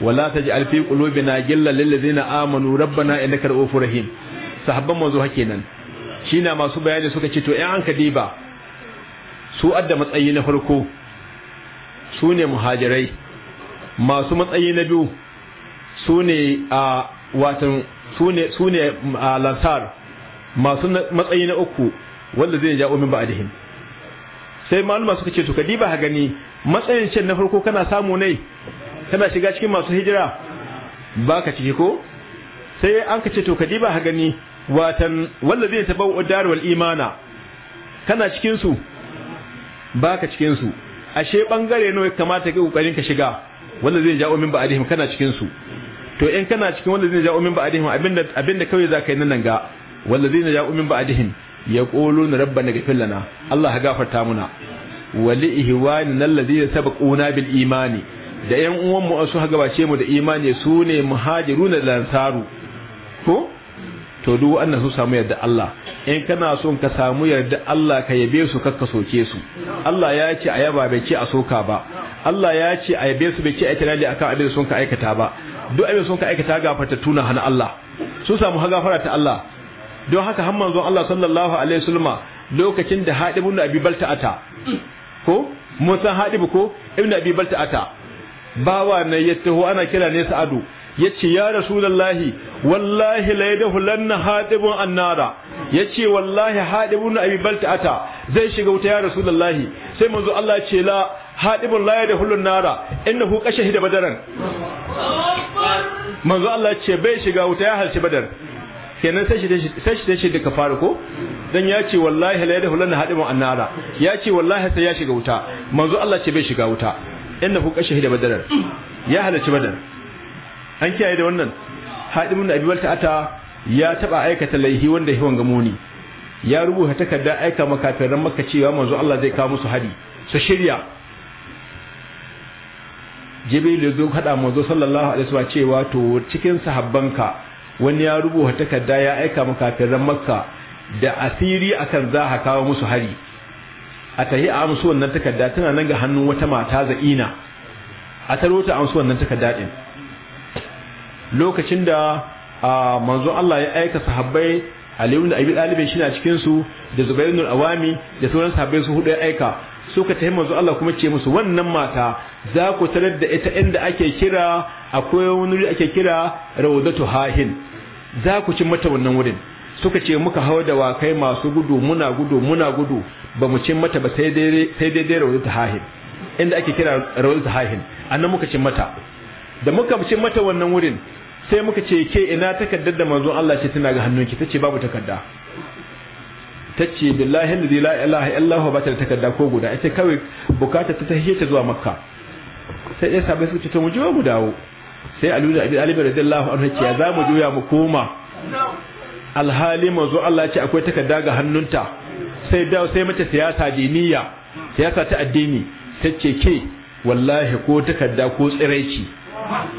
[SPEAKER 1] wa la taj'al fi qulubina ghillan lil ladina amanu rabbana innaka ra'ufur rahim sahabban manzo hake nan shi na masu bayani suka ce to ‘yan an ka diba su adda matsayi na farko su ne muhajirai masu matsayi na biyu su ne a watan su ne a lansar masu matsayi na uku wanda zai ja min ba'adihim sai maluma suka ce to ka diba ha gani matsayin can na farko kana samu ne kana shiga cikin masu hijira ba ka ciki ko sai an ka ce to ka diba ha gani watan wanda ta bau dar imana kana cikin su baka cikin su ashe bangare nawa ya kamata ka kokarin ka shiga wanda zai jawo min ba'adihim kana cikin su to in kana cikin wanda zai jawo min ba'adihim abinda abinda kawai ka yi nan ga wanda zai jawo min ba'adihim yaquluna rabbana ghfir lana Allah ya gafarta muna wali ihwani alladhina sabaquna bil imani da yan uwan mu su gabace mu da imani su ne muhajiruna da lansaru ko to duk wanda sun samu yarda Allah in kana son ka samu yarda Allah ka yabe su kakka soke su Allah ya ce a yaba bai ce a soka ba Allah ya ce a yabe su bai ce a da akan abin sun ka aikata ba duk abin sun ka aikata gafarta tuna hana Allah sun samu gafara ta Allah don haka har manzon Allah sallallahu alaihi wasallam lokacin da Hadib ibn Abi Balta'ata ko mun san Hadib ko ibn Abi Balta'ata bawa ne ya taho ana kira ne Sa'adu Ya ce ya rasulullahi wallahi la yadkhulanna hadibun annara ya ce wallahi hadibun abi ata zai shiga wuta ya rasulullahi sai manzo Allah ya ce la hadibun la yadkhulun nara innahu qashahida badaran manzo Allah ya ce bai shiga wuta ya halci badar kenan sai shi sai shi da duka faru ko dan ya ce wallahi la yadkhulun hadibun annara ya ce wallahi sai ya shiga wuta manzo Allah ce bai shiga wuta innahu qashahida badaran ya halci badar an kiyaye da wannan mun abi walta ata ya taba aikata laihi wanda hiwan gamoni ya rubuta takarda aika kafiran maka cewa manzo Allah zai kawo musu hari su shirya jibril ya zo hada manzo sallallahu alaihi wasallam cewa to cikin sahabbanka wani ya rubuta takarda ya aika kafiran makka da asiri akan za ka kawo musu hari a tahi a amsu wannan takarda tana nan ga hannun wata mata za'ina a taro ta amsu wannan takarda din lokacin da manzon Allah ya aika sahabbai Aliyu da Abi Talib shi na cikin su da Zubair ibn Awami da sauran sahabbai su hudu ya aika suka tafi manzon Allah kuma ce musu wannan mata za ku tarar da ita inda ake kira akwai wani wuri ake kira Rawdatu Hahin za ku ci mata wannan wurin suka ce muka hau da wakai masu gudu muna gudu muna gudu ba mu cin mata ba sai daidai dai ta hahin inda ake kira Rawdatu hahin annan muka cin mata da muka cin mata wannan wurin sai muka ce ke ina takaddar da manzon Allah ce tana ga hannunki tace babu takadda tace billahi alladhi la ilaha illa huwa ba ta takadda ko guda ita kawai bukata ta tahiyya ta zuwa makka sai ya sabai suka ce to mu je mu dawo sai Ali da Abi Talib radiyallahu anhu ce ya zamu juya mu koma alhali manzo Allah ce akwai takadda ga hannunta sai dawo sai mace siyasa diniya siyasa ta addini tace ke wallahi ko takadda ko tsiraici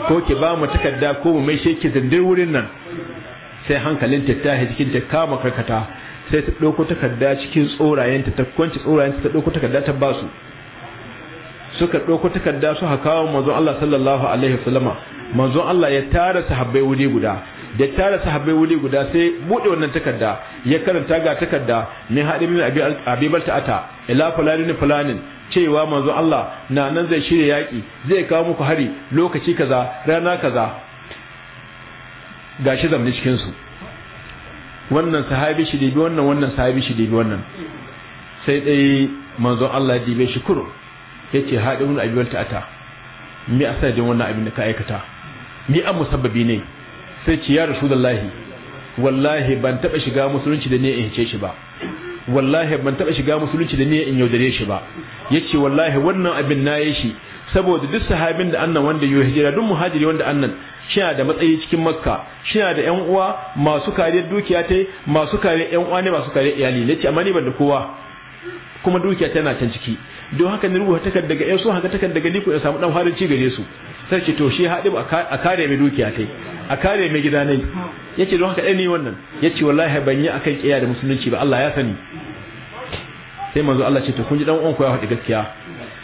[SPEAKER 1] ko ki ba mu takarda ko mu mai ki zindir wurin nan sai hankalin ta tahi cikin ta kama karkata sai ta ɗauko takarda cikin tsorayenta ta kwanci tsorayenta ta ɗauko takarda ta ba su suka ɗauko takarda su hakawa manzon Allah sallallahu alaihi wasallama manzon Allah ya tara sahabbai wuri guda da tara sahabbai wuri guda sai bude wannan takarda ya karanta ga takarda ne hadi min abi abi balta ata ila fulanin fulanin cewa manzo Allah na nan zai shirya yaki zai kawo muku hari lokaci kaza rana kaza gashi zamne cikin su wannan sahabi shi dibi wannan wannan sahabi shi dibi wannan sai dai manzo Allah ya dibe shi kuro yace abin abi ata. ta'ata me asadin wannan abin da ka aikata ni an musabbabi ne sai ce ya rasulullahi wallahi ban taba shiga musulunci da ne in hice shi ba wallahi ban taba shiga musulunci da niyyar in yaudare shi ba yace wallahi wannan abin na yi shi saboda duk sahabin da annan wanda ya hijira duk muhajiri wanda annan shina da matsayi cikin makka shina da yan uwa masu kariyar dukiya ta masu kariyar yan uwa ne masu kariyar iyali ce amma ni ban da kowa kuma dukiya tana can ciki don haka ni rubuta takardar daga yan su haka takardar daga ni ku in samu dan farin ci gare su sai ce to shi haɗin a kare mai dukiya ta a kare mai gida nai ya ce don haka ɗani wannan ya ce wallahi ban yi akan ƙiya da musulunci ba Allah ya sani sai manzo Allah ce to kun ji dan uwan ku ya faɗi gaskiya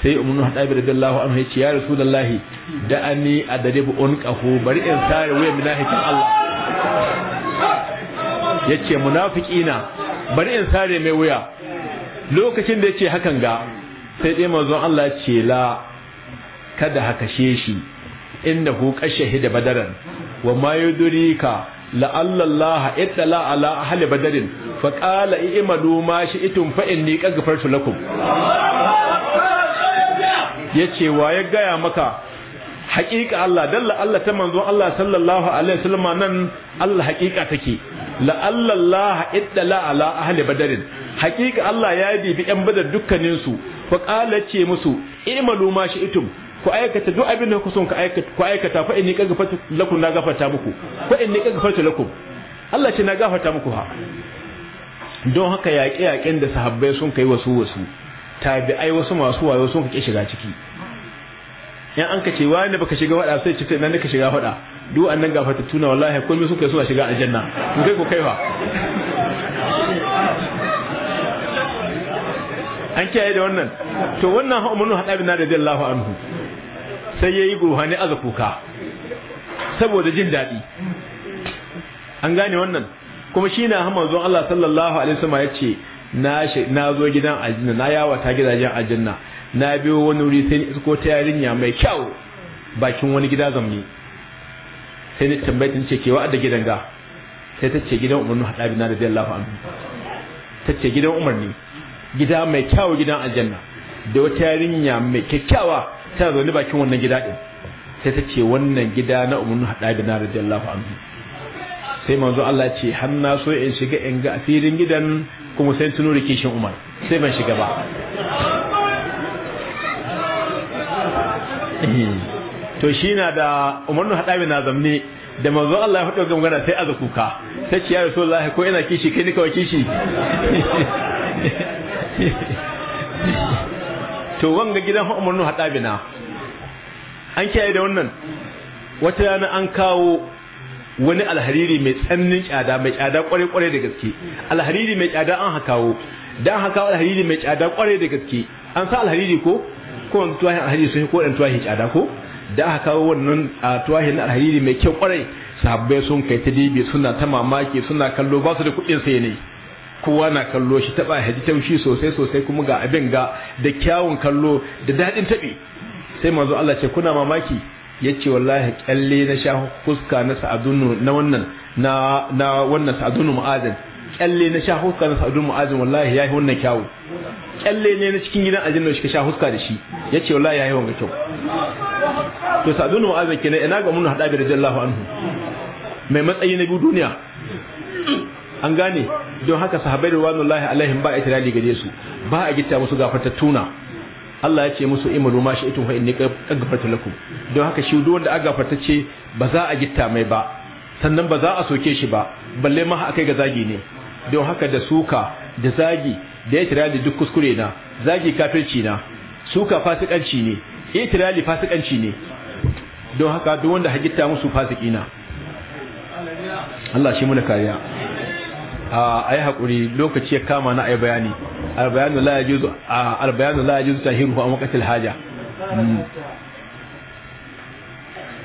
[SPEAKER 1] sai ummu hadabi radiyallahu anhu ya ce ya rasulullahi da ani adribu unqahu bari in sare wuya minahikin Allah yace munafiqina bari in sare mai wuya lokacin da yace hakan ga sai dai manzo Allah ce la kada haka hakashe shi innahu da badaran wa ma yudrika la'alla Allah ittala ala ahli badarin fa qala i'madu ma itum fa inni qad ghafartu lakum yace wa ya gaya maka haƙiƙa Allah dalla Allah ta manzo Allah sallallahu alaihi wasallam nan Allah haqiqa take la Allah iddala ala ahli badarin haƙiƙa Allah ya dibi yan badar dukkanin su fa qala ce musu i'madu ma itum ku aikata duk abin da ku son ku aikata ku aikata fa inni gafarta lakum na gafarta muku fa inni gafarta lakum Allah ce na gafarta muku ha don haka yaƙe yaƙen da sahabbai sun kai wasu wasu tabi'ai wasu masu wayo sun kake shiga ciki in an ka ce wani baka shiga wada sai cikin nan ka shiga wada duk annan gafarta tuna wallahi komai suka so a shiga aljanna to kai ku kai kaiwa an kiyaye da wannan to wannan ha'umunu hadabi na radiyallahu anhu sai ya yi gohani aza kuka saboda jin daɗi an gane wannan kuma shi na hama zuwan Allah sallallahu alaihi wasallam ya ce na zo gidan aljanna na yawata gidajen aljanna na biyo wani wuri sai isko ta yarinya mai kyau bakin wani gida zamni sai ni tambayi ce ke wa'ada gidan ga sai ta ce gidan umarni haɗa na da zai lafa anhu ta ce gidan umarni gida mai kyau gidan aljanna da wata yarinya mai kyakkyawa ta zaune bakin wannan gida din sai ta ce wannan gida na umarnu haɗa da na radiyallahu anhu sai manzo Allah ce har na so in shiga in ga asirin gidan kuma sai tuno da kishin Umar sai ban shiga ba to shi na da umarnu haɗa na zamne da manzo Allah ya faɗo ga magana sai aza kuka sai ce ya Rasulullah ko ina kishi kai ni kawai kishi to wanga gidan Umar nu hadabi na an kiyaye da wannan wata rana an kawo wani alhariri mai tsannin tsada mai tsada kware kware da gaske alhariri mai tsada an hakawo dan hakawo alhariri mai tsada kware da gaske an sa alhariri ko ko wani tuwahin alhariri sun yi ko dan tuwahin tsada ko da aka kawo wannan a tuwahin alhariri mai kyau kware sahabbai sun kai ta dibi suna ta mamaki suna kallo ba su da kuɗin sai ne kowa na kallo shi taba haji taushi sosai sosai kuma ga abin ga da kyawun kallo da dadin tabi sai manzo Allah ce kuna mamaki yace wallahi kyalle na sha fuska na sa'adunu na wannan na na wannan sa'adunu mu'adin kyalle na sha huska na sa'adun mu'azin wallahi yayi wannan kyawu kyalle ne na cikin gidan aljanna shi ka sha huska da shi yace wallahi yayi wannan kyau to sa'adun mu'azin kenan ina ga mun hada bi radiyallahu anhu mai matsayi na biyu duniya an gane don haka sahabbai da ruwanu lahi alaihim ba a itirali gare su ba a gita musu tuna. Allah ya ce musu imalu ma shi'tum fa inni qad gafarta lakum don haka shi duk wanda aka ce ba za a gita mai ba sannan ba za a soke shi ba balle ma akai ga zagi ne don haka da suka da zagi da itirali duk kuskure na zagi kafirci na suka fasikanci ne itirali fasikanci ne don haka duk wanda gita musu fasiki na Allah shi mu da kariya a yi haƙuri lokaci ya kama na ayi bayani albayanu la ya zuta hiru a makasar haja hmm.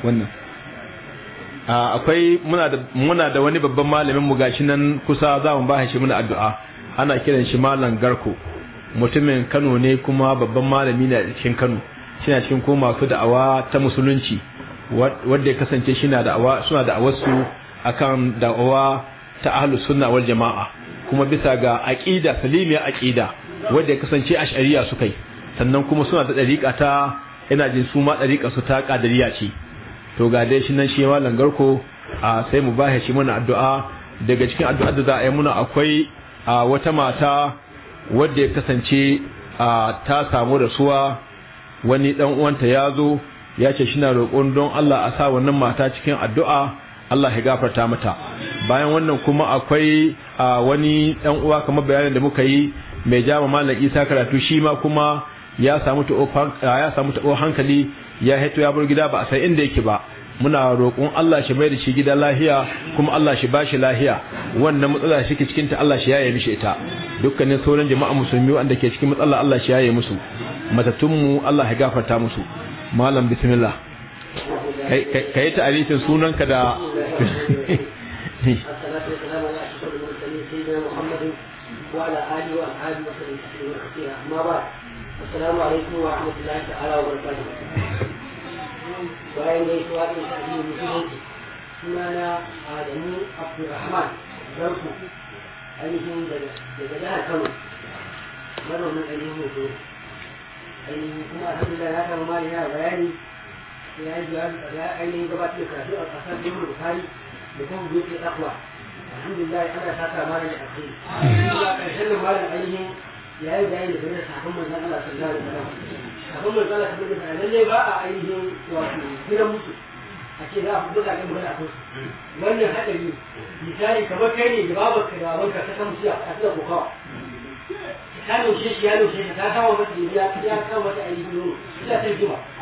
[SPEAKER 1] wannan akwai muna da wani babban malamin mu gashi nan kusa za mu ba shi muna addu'a ana kiran shi malam garko mutumin kano ne kuma babban malami na cikin kano shina cikin ko masu da'awa ta musulunci wadda ya kasance shina da'awa suna da'awarsu akan da'awa ta ahlus sunna wal jama'a kuma bisa ga aqida salimiya aqida wanda ya kasance ash'ariya su kai sannan kuma suna da dariqa ta ina jin su ma dariqa su ta qadariya ce to ga dai shi nan shi mallan garko sai mu ba shi muna addu'a daga cikin addu'a da za a yi muna akwai wata mata wanda ya kasance ta samu rasuwa wani dan uwanta ya zo ya ce shi na roƙon don Allah a sa wannan mata cikin addu'a Allah ya gafarta mata bayan wannan kuma akwai wani ɗan uwa kamar bayanin da muka yi mai jama malam Isa karatu shi ma kuma ya samu ta ya samu ta hankali ya hito ya bar gida ba a san inda yake ba muna roƙon Allah shi mai da shi gida lahiya kuma Allah shi bashi lahiya wannan matsala shi ke cikin ta Allah shi yaye mishi ita dukkanin sauran jama'a musulmi wanda ke cikin matsala Allah shi yaye musu matatunmu Allah ya gafarta musu malam bismillah
[SPEAKER 2] ka yi ta'arifin sunanka da
[SPEAKER 4] na adamu ainihin daga jihar kano manomin ainihin hoto ainihin kuma alhamdulillah ya mali yana bayani ya yi ya ainihin gabatar da karatu a kasar jimur bukari da kuma buɗe akwa alhamdulillah ana saka mara da ake a ƙarshen da mara ainihin ya yi bayani da bayan sakon manzan Allah sallallahu da wasallam sakon manzan Allah sallallahu alaihi wasallam lalle ba a ainihin wato gidan musu a ce za a fito da magana a kansu wannan haɗari misali kamar kai ne da babar ka da babanka ta san musu a ƙasar kokawa ka noshe shi ya noshe shi ka kawo masa ya kawo masa ainihin nono ta ta jima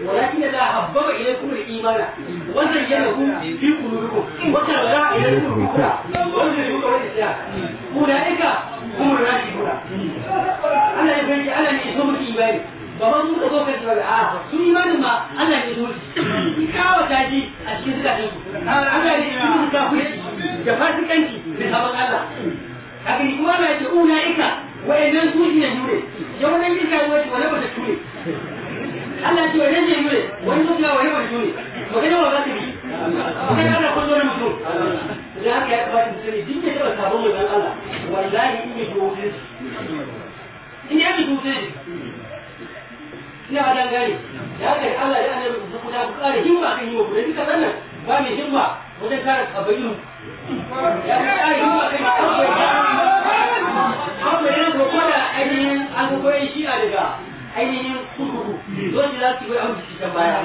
[SPEAKER 4] ولكن إذا حبب إليكم الإيمان وزينه في قلوبكم وكره إليكم الكفر وزينه الإسلام أولئك هم الراشدون أنا يبين أنا لإسلام الإيمان babban mun zo ka a su imanin ma Allah ne zo shi kawo kaji a cikin zakatin Allah ne shi ka kuri da fasikanci da sabon Allah haka ni kuma na ce ulaika wa'annan su ne jure yau nan bisa wani wani ba ta jure
[SPEAKER 2] Allah ce wani
[SPEAKER 4] zai yure wani mutum wani wani yure magana wa za ta bi magana ana kwallo na mutum da haka ya kamata mu sani duk da yawa sabon mai dan Allah wallahi in ya shigo in ya shigo wuce ina hadan gane da haka Allah ya annabi ku kuma ku kare himma kan himma ku da duka sannan ba mai himma wajen kare kabarin ya ka kare himma kan kabarin ba mai yanzu ko da ainihin an koyi shi a daga ainihin kurkuku zo ji za su yi abu cikin baya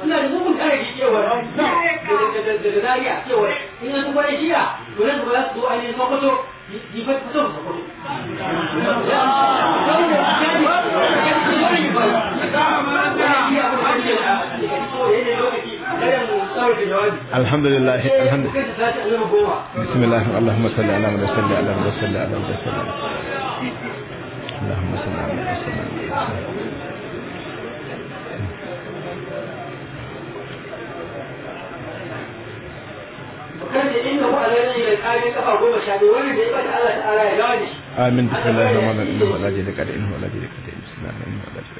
[SPEAKER 4] suna da mugun kare shi cewar da zariya cewar in an kuma da shiya to nan ba za su zo ainihin sokoto yi ba kusan sokoto
[SPEAKER 5] الحمد لله الحمد
[SPEAKER 1] بسم الله اللهم صل على محمد على محمد اللهم صل على وسلم
[SPEAKER 6] آمين بسم
[SPEAKER 2] الله الرحمن الرحيم
[SPEAKER 5] ولا جدك إنه ولا جدك إنه ولا جدك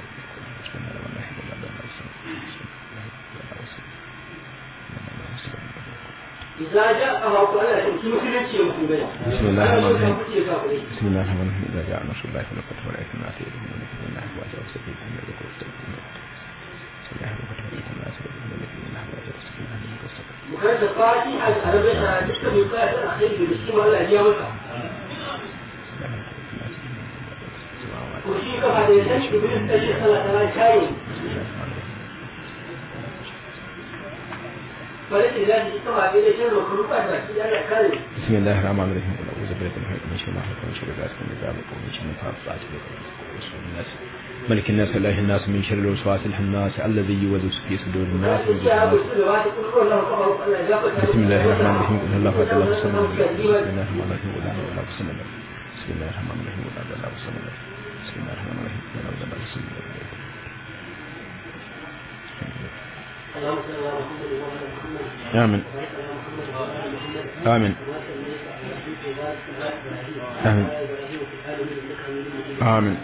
[SPEAKER 4] بسم الله الرحمن الرحيم بسم الله الرحمن
[SPEAKER 5] الرحيم إذا جاء نصر الله فالفتح والعيثم ما من يكتب الله وأجر السبيل من يذكر السبيل بسم الله
[SPEAKER 2] الرحمن الرحيم ما من يكتب الله
[SPEAKER 5] وأجر من يذكر السبيل
[SPEAKER 4] وكانت القاعدة على ربنا تكتب القاعدة الأخيرة بالاستماع إلى أيامها
[SPEAKER 2] وشيك بعد ذلك بمثل الشيخ ثلاثة بسم الله
[SPEAKER 5] الرحمن الرحيم قل اعوذ برب الفلق من شر ما خلق من شر غاسق اذا وقب من شر النفاثات
[SPEAKER 1] الناس ملك الناس الله الناس من شر الوسواس الحناس الذي يوسوس في صدور الناس
[SPEAKER 4] بسم الله الرحمن الرحيم قل الله
[SPEAKER 5] احد الله الصمد بسم الله الرحمن الرحيم قل الله احد الصمد بسم الله الرحمن الرحيم قل الله الصمد بسم الله الرحمن الرحيم قل الله الله
[SPEAKER 4] آمين آمين آمين آمين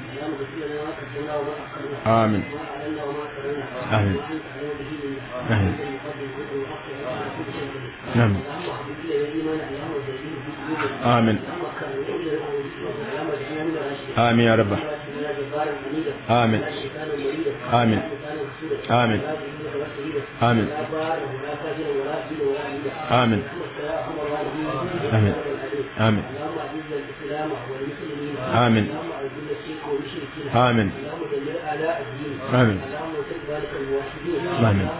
[SPEAKER 4] آمين آمين آمين آمين نعم. آمين آمين يا رب آمين آمين آمين آمين آمين آمين آمين آمين آمين آمين آمين آمين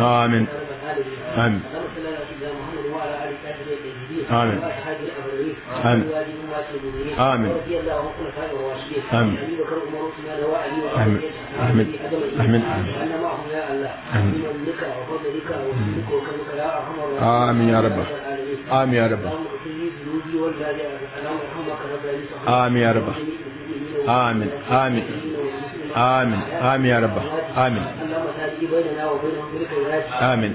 [SPEAKER 4] آمين آمين آمين آمين آمين آمين آمين آمين آمين آمين يا رب آمين يا رب آمين يا رب آمين آمين آمين آمين يا رب آمين آمين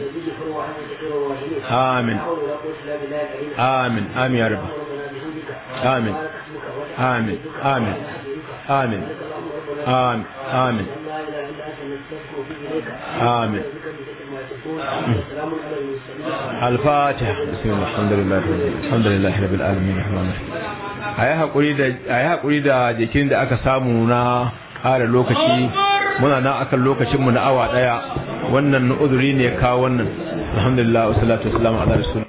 [SPEAKER 4] آمين آمين
[SPEAKER 6] آمين يا رب آمين آمين آمين آمين آمين آمين
[SPEAKER 4] آمين
[SPEAKER 1] الفاتحة بسم الله الحمد لله الحمد لله رب العالمين الرحمن الرحيم أيها قريدة أيها قريدة jikin دا أكسامونا ƙara lokaci muna nan akan lokacinmu na awa ɗaya wannan uzuri ne ya kawo wannan
[SPEAKER 6] alhamdulillah wasu salatu wasu ala rasulullah